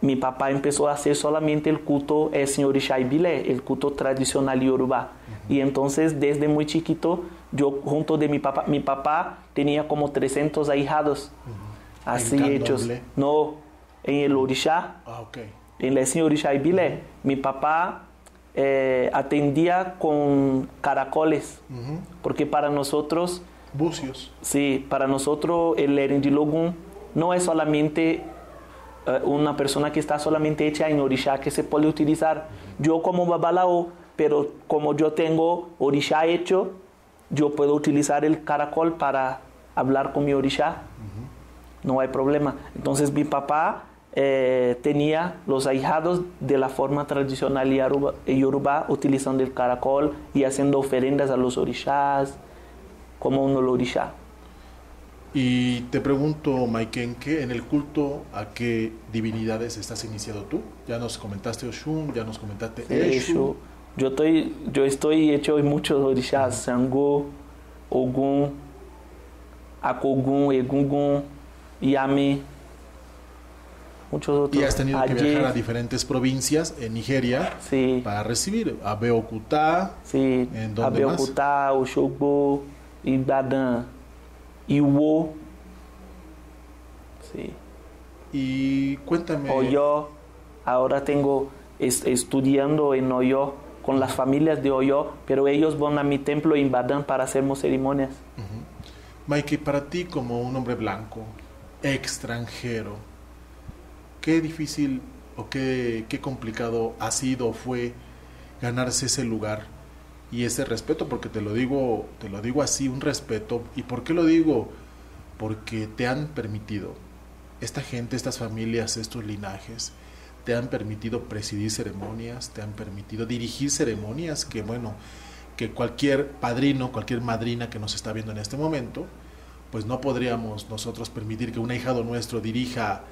mi papá empezó a hacer solamente el culto el señor Ishaybilé, el culto tradicional yoruba. Y entonces, desde muy chiquito, yo junto de mi papá, mi papá tenía como 300 ahijados, así hechos. No, en el orisha, ah, en el señor Ishaibilé. Mi papá eh, atendía con caracoles, porque para nosotros... Bucios. Sí, para nosotros el erindilogún no es solamente eh, una persona que está solamente hecha en orisha que se puede utilizar. Yo como babalao, pero como yo tengo orisha hecho, yo puedo utilizar el caracol para hablar con mi orisha. No hay problema. Entonces mi papá eh, tenía los ahijados de la forma tradicional yoruba, utilizando el caracol y haciendo ofrendas a los orishas, como un orisha. Y te pregunto, Maikenke, en el culto, ¿a qué divinidades estás iniciado tú? Ya nos comentaste Oshun, ya nos comentaste Eshu. Yo estoy, yo estoy hecho en muchos orishas, Sango, Ogun, Akogun, Egungun, Yami. Y has tenido que viajar a diferentes provincias en Nigeria para recibir a Beokuta, sí. ¿en dónde Ibadan, Iwo. Y cuéntame. Oyo, ahora tengo estudiando en Oyo con las familias de Oyo, pero ellos van a mi templo en Badán para hacermos ceremonias. Mike, Mikey, para ti como un hombre blanco, extranjero, qué difícil o qué, qué complicado ha sido o fue ganarse ese lugar y ese respeto, porque te lo digo, te lo digo así, un respeto. ¿Y por qué lo digo? Porque te han permitido, esta gente, estas familias, estos linajes, te han permitido presidir ceremonias, te han permitido dirigir ceremonias que, bueno, que cualquier padrino, cualquier madrina que nos está viendo en este momento, pues no podríamos nosotros permitir que un ahijado nuestro dirija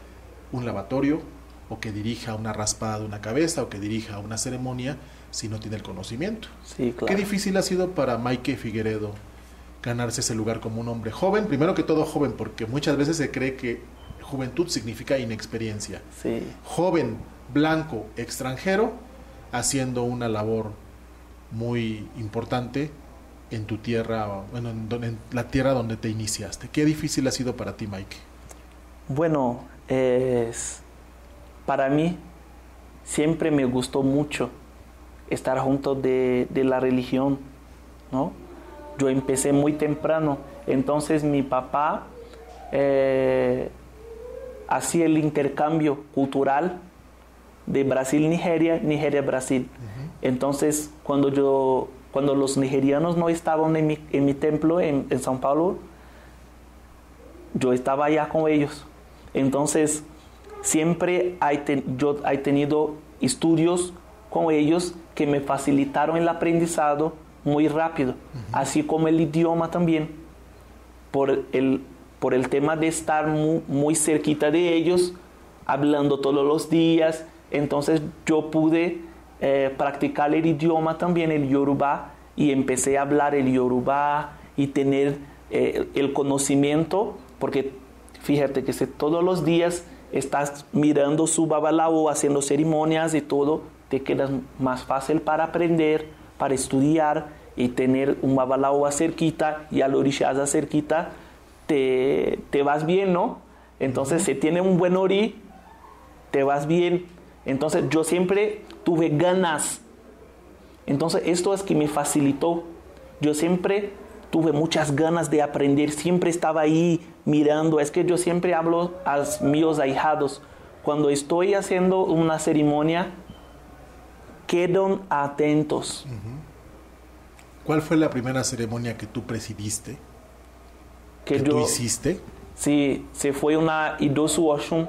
un lavatorio o que dirija una raspada de una cabeza o que dirija una ceremonia si no tiene el conocimiento. Qué difícil ha sido para Mike Figueredo ganarse ese lugar como un hombre joven, primero que todo joven, porque muchas veces se cree que juventud significa inexperiencia. Joven, blanco, extranjero, haciendo una labor muy importante en tu tierra, bueno, en, en la tierra donde te iniciaste. Qué difícil ha sido para ti, Mike. Bueno, es, para mí siempre me gustó mucho estar junto de, la religión, ¿no? Yo empecé muy temprano, entonces mi papá eh, hacía el intercambio cultural de Brasil-Nigeria, Nigeria-Brasil. Entonces, cuando yo, cuando los nigerianos no estaban en mi, templo en, en São Paulo, yo estaba allá con ellos. Entonces, siempre yo he tenido estudios con ellos que me facilitaron el aprendizado muy rápido, así como el idioma también, por el, por el tema de estar muy, muy cerquita de ellos, hablando todos los días, entonces yo pude eh, practicar el idioma también, el yoruba, y empecé a hablar el yoruba y tener eh, el conocimiento, porque Fíjate que si este, todos los días estás mirando su babalao, haciendo ceremonias y todo, te quedas más fácil para aprender, para estudiar y tener un babalao cerquita y al orishaza cerquita, te, te, vas bien, ¿no? Entonces, si tiene un buen orí, te vas bien. Entonces, yo siempre tuve ganas. Entonces, esto es que me facilitó. Yo siempre tuve muchas ganas de aprender, siempre estaba ahí mirando. Es que yo siempre hablo a mis ahijados. Cuando estoy haciendo una ceremonia, quedan atentos. ¿Cuál fue la primera ceremonia que tú presidiste? ¿Que, yo, tú hiciste? Sí, se fue una Idosu Oshun.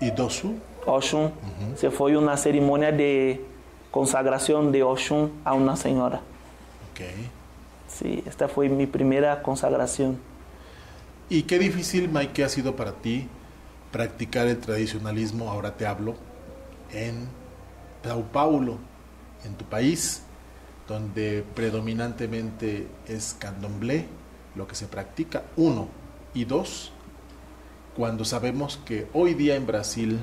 ¿Idosu? Oshun. Se fue una ceremonia de consagración de Oshun a una señora. Sí, esta fue mi primera consagración. ¿Y qué difícil, Mike, ha sido para ti practicar el tradicionalismo, ahora te hablo, en Sao Paulo, en tu país, donde predominantemente es candomblé lo que se practica, uno, y dos, cuando sabemos que hoy día en Brasil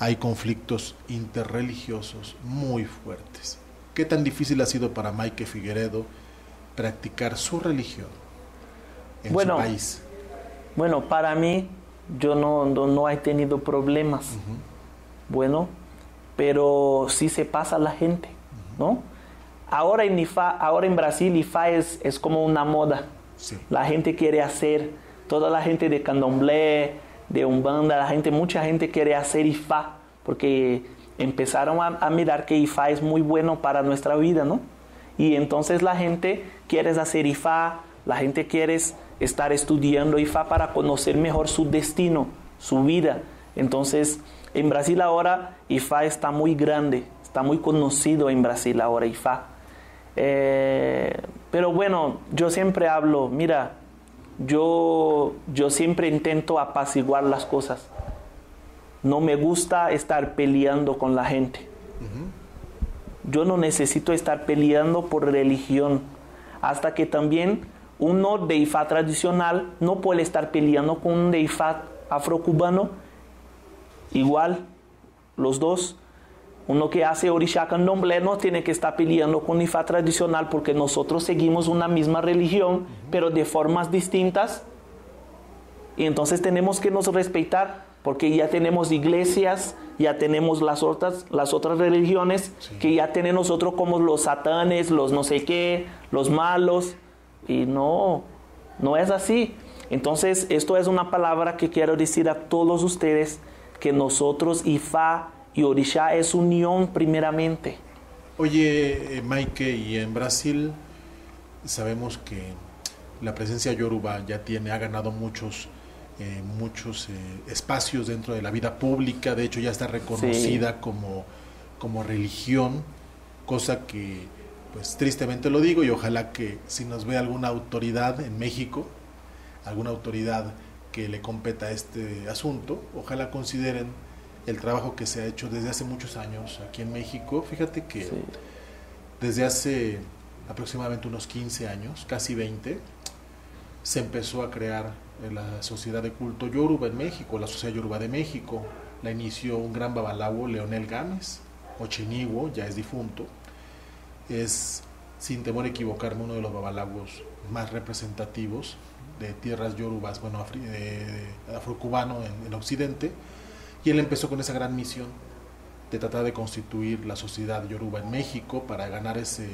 hay conflictos interreligiosos muy fuertes. ¿Qué tan difícil ha sido para Mike Figueredo practicar su religión en su país? Bueno, para mí yo no, no, he tenido problemas. Bueno, pero sí se pasa la gente, ¿no? Ahora en, IFA, ahora en Brasil IFA es, es como una moda. La gente quiere hacer, toda la gente de candomblé, de umbanda, la gente, mucha gente quiere hacer IFA porque empezaron a mirar que IFA es muy bueno para nuestra vida, ¿no? Y entonces la gente quiere hacer IFA, la gente quiere estar estudiando IFA para conocer mejor su destino, su vida. Entonces, en Brasil ahora IFA está muy grande, está muy conocido en Brasil ahora IFA. Eh, pero bueno, yo siempre hablo, mira, yo, yo siempre intento apaciguar las cosas. No me gusta estar peleando con la gente. Yo no necesito estar peleando por religión. Hasta que también uno de IFA tradicional no puede estar peleando con un IFA afrocubano. Igual, los dos. Uno que hace orisha candomblé no tiene que estar peleando con IFA tradicional porque nosotros seguimos una misma religión, pero de formas distintas. Y entonces tenemos que nos respetar porque ya tenemos iglesias, ya tenemos las otras, las otras religiones, que ya tenemos nosotros como los satanes, los no sé qué, los malos, y no, no es así. Entonces, esto es una palabra que quiero decir a todos ustedes, que nosotros, Ifá y Orisha, es unión primeramente. Oye, eh, Maike, y en Brasil sabemos que la presencia yoruba ya tiene, ha ganado muchos eh, muchos eh, espacios dentro de la vida pública, de hecho ya está reconocida como, religión, cosa que pues tristemente lo digo y ojalá que si nos ve alguna autoridad en México, alguna autoridad que le competa este asunto, ojalá consideren el trabajo que se ha hecho desde hace muchos años aquí en México. Fíjate que desde hace aproximadamente unos 15 años, casi 20, se empezó a crear la Sociedad de Culto Yoruba en México, la Sociedad Yoruba de México. La inició un gran babalaguo Leonel Gámez, Ocheniwo, ya es difunto. Es, sin temor a equivocarme, uno de los babalagos más representativos de tierras yorubas, bueno, afri, en, Occidente. Y él empezó con esa gran misión de tratar de constituir la sociedad yoruba en México para ganar ese,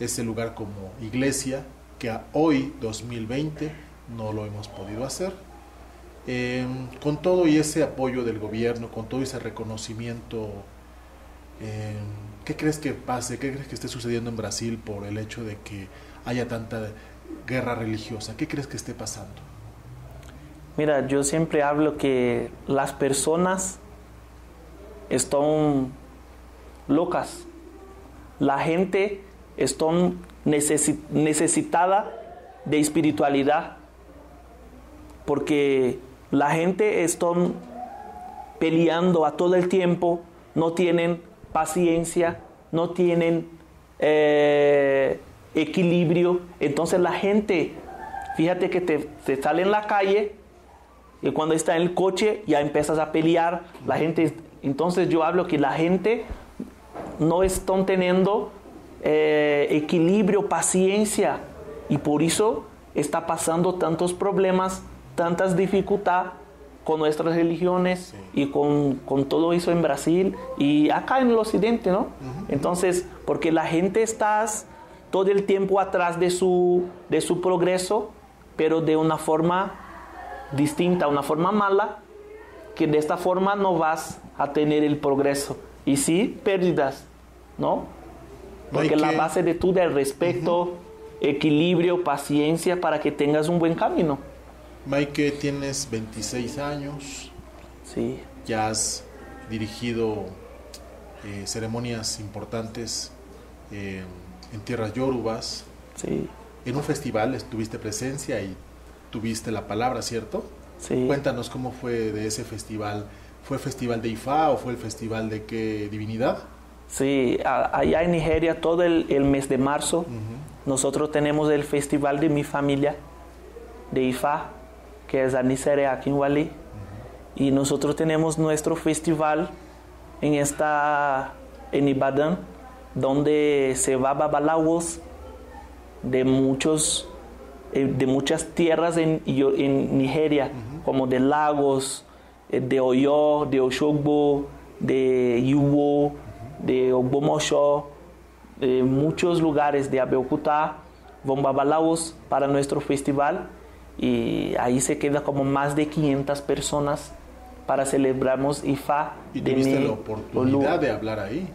ese lugar como iglesia que a hoy, 2020, no lo hemos podido hacer. Em, con todo y ese apoyo del gobierno, con todo ese reconocimiento, em, ¿qué crees que pase? ¿Qué crees que esté sucediendo en Brasil por el hecho de que haya tanta guerra religiosa? ¿Qué crees que esté pasando? Mira, yo siempre hablo que las personas están locas. La gente está necesitada de espiritualidad porque la gente está peleando a todo el tiempo, no tienen paciencia, no tienen eh, equilibrio. Entonces la gente, fíjate que te, sale en la calle y cuando está en el coche ya empiezas a pelear. La gente, entonces yo hablo que la gente no está teniendo eh, equilibrio, paciencia y por eso está pasando tantos problemas tantas dificultades con nuestras religiones y con, con, todo eso en Brasil y acá en el occidente, ¿no? Entonces, porque la gente está todo el tiempo atrás de su, de su progreso, pero de una forma distinta, una forma mala, que de esta forma no vas a tener el progreso. Y sí, pérdidas, ¿no? Porque la base de tu es respeto, equilibrio, paciencia para que tengas un buen camino. Mike, tienes 26 años. Sí. Ya has dirigido eh, ceremonias importantes en tierras yorubas. Sí. En un festival estuviste presencia y tuviste la palabra, ¿cierto? Sí. Cuéntanos cómo fue de ese festival. ¿Fue festival de Ifá o fue el festival de qué divinidad? Sí, allá en Nigeria todo el, mes de marzo nosotros tenemos el festival de mi familia de Ifá que es Anisere en Y nosotros tenemos nuestro festival en, esta, en Ibadan, donde se va babalawos de, muchos, eh, de muchas tierras en, Nigeria, como de Lagos, eh, de Oyo, de Oshogbo, de Yuwo, de Obomosho, de eh, muchos lugares de Abeokuta, van babalawos para nuestro festival y ahí se queda como más de 500 personas para celebramos IFA. Y tuviste la oportunidad de hablar ahí,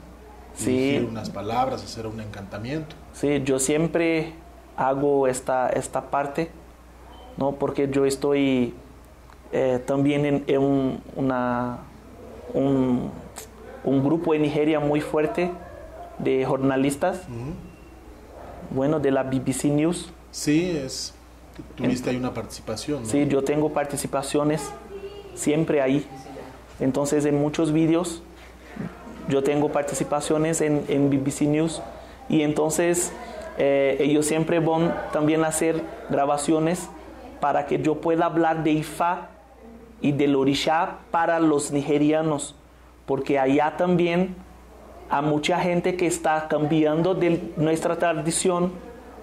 sí. decir unas palabras, hacer un encantamiento. Sí, yo siempre hago esta, esta parte, ¿no? porque yo estoy eh, también en, un, una, un, un, grupo en Nigeria muy fuerte de jornalistas, bueno, de la BBC News. Sí, es Tuviste ahí una participación. Sí, yo tengo participaciones siempre ahí. Entonces en muchos vídeos yo tengo participaciones en, BBC News y entonces eh, ellos siempre van también a hacer grabaciones para que yo pueda hablar de Ifa y del Orisha para los nigerianos, porque allá también hay mucha gente que está cambiando de nuestra tradición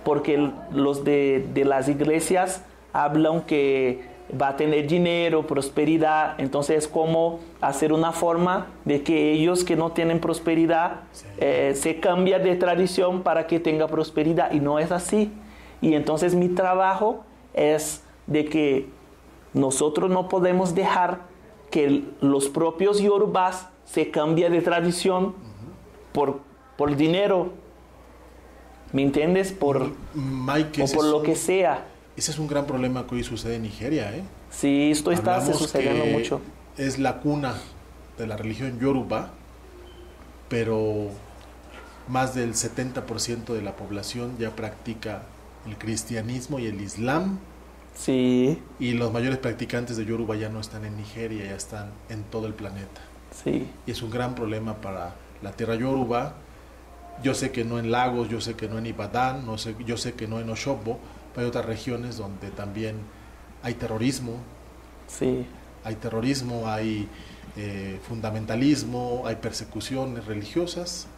porque los de, las iglesias hablan que va a tener dinero, prosperidad, entonces cómo hacer una forma de que ellos que no tienen prosperidad eh, se cambia de tradición para que tenga prosperidad y no es así. Y entonces mi trabajo es de que nosotros no podemos dejar que los propios yorubás se cambien de tradición por dinero, ¿Me entiendes? Por, o por lo que sea. Ese es un gran problema que hoy sucede en Nigeria, ¿eh? Sí, esto está sucediendo mucho. Es la cuna de la religión yoruba, pero más del 70% de la población ya practica el cristianismo y el islam. Sí. Y los mayores practicantes de yoruba ya no están en Nigeria, ya están en todo el planeta. Sí. Y es un gran problema para la tierra yoruba, yo sé que no en Lagos, yo sé que no en Ipadán, no sé, yo sé que no en Oshobo, pero hay otras regiones donde también hay terrorismo. Sí. Hay terrorismo, hay eh, fundamentalismo, hay persecuciones religiosas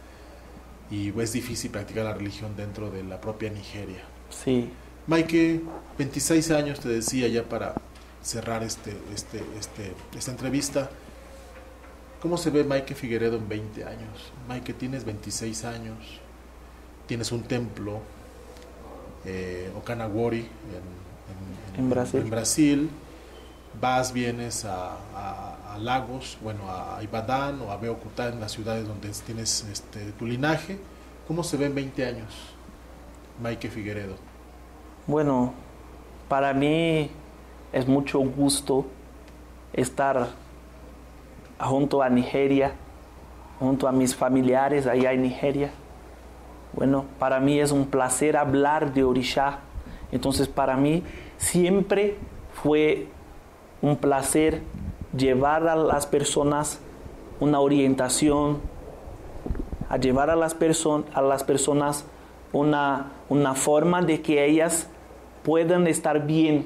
y es difícil practicar la religión dentro de la propia Nigeria. Sí. Mike, 26 años te decía ya para cerrar este, este, este esta entrevista. ¿Cómo se ve Mike Figueredo en 20 años? Mike, tienes 26 años, tienes un templo, eh, Okanagori, en, Brasil. vas, vienes a, Lagos, bueno, a Ibadán o a Beocuta, en las ciudades donde tienes este, tu linaje. ¿Cómo se ve 20 años, Mike Figueredo? Bueno, para mí es mucho gusto estar junto a Nigeria junto a mis familiares allá en Nigeria. Bueno, para mí es un placer hablar de Orisha. Entonces, para mí siempre fue un placer llevar a las personas una orientación, a llevar a las, a las personas una, forma de que ellas puedan estar bien,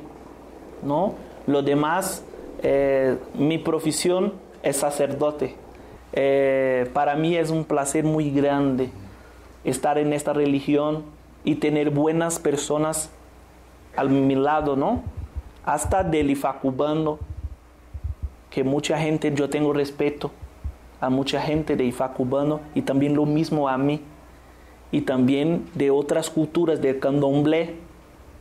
¿no? Lo demás, eh, mi profesión es sacerdote. Eh, para mí es un placer muy grande estar en esta religión y tener buenas personas al mi lado, ¿no? Hasta del Ifacubano, cubano, que mucha gente, yo tengo respeto a mucha gente de IFA cubano y también lo mismo a mí, y también de otras culturas, del candomblé,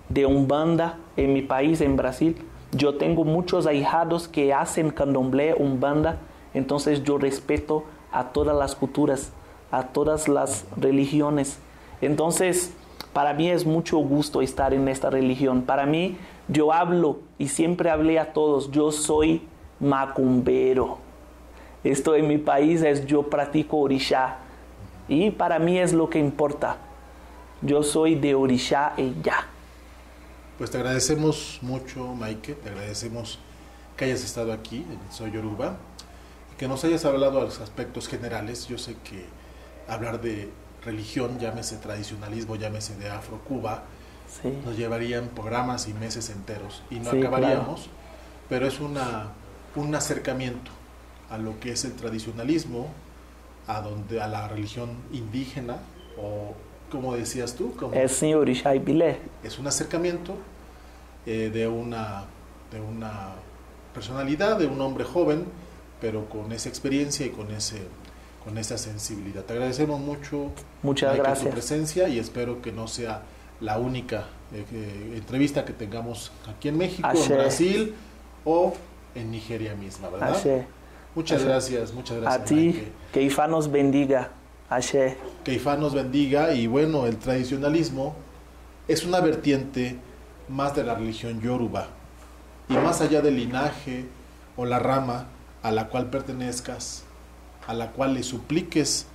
de umbanda en mi país, en Brasil. Yo tengo muchos ahijados que hacen candomblé, umbanda, entonces yo respeto a todas las culturas, a todas las religiones. Entonces, para mí es mucho gusto estar en esta religión. Para mí, yo hablo y siempre hablé a todos, yo soy macumbero. Esto en mi país es yo practico orishá. Y para mí es lo que importa. Yo soy de orishá y ya. Pues te agradecemos mucho, Maike. Te agradecemos que hayas estado aquí en Soy Yoruba que nos hayas hablado a los aspectos generales. Yo sé que hablar de religión, llámese tradicionalismo, llámese de Afro-Cuba, nos nos llevarían programas y meses enteros y no acabaríamos, pero es una, un acercamiento a lo que es el tradicionalismo, a, donde, a la religión indígena o como decías tú, como es Es un acercamiento eh, de, una, de una personalidad, de un hombre joven pero con esa experiencia y con ese con esa sensibilidad. Te agradecemos mucho Muchas gracias. tu presencia y espero que no sea la única eh, eh, entrevista que tengamos aquí en México, en Brasil o en Nigeria misma, ¿verdad? Muchas gracias, muchas gracias. A ti, que Ifá nos bendiga. Que Ifá nos bendiga y bueno, el tradicionalismo es una vertiente más de la religión yoruba y más allá del linaje o la rama a la cual pertenezcas, a la cual le supliques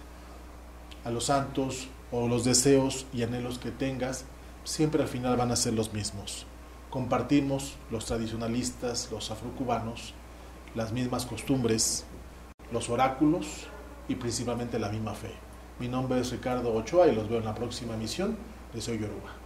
a los santos o los deseos y anhelos que tengas, siempre al final van a ser los mismos. Compartimos los tradicionalistas, los afrocubanos, las mismas costumbres, los oráculos y principalmente la misma fe. Mi nombre es Ricardo Ochoa y los veo en la próxima misión. de Soy Yoruba.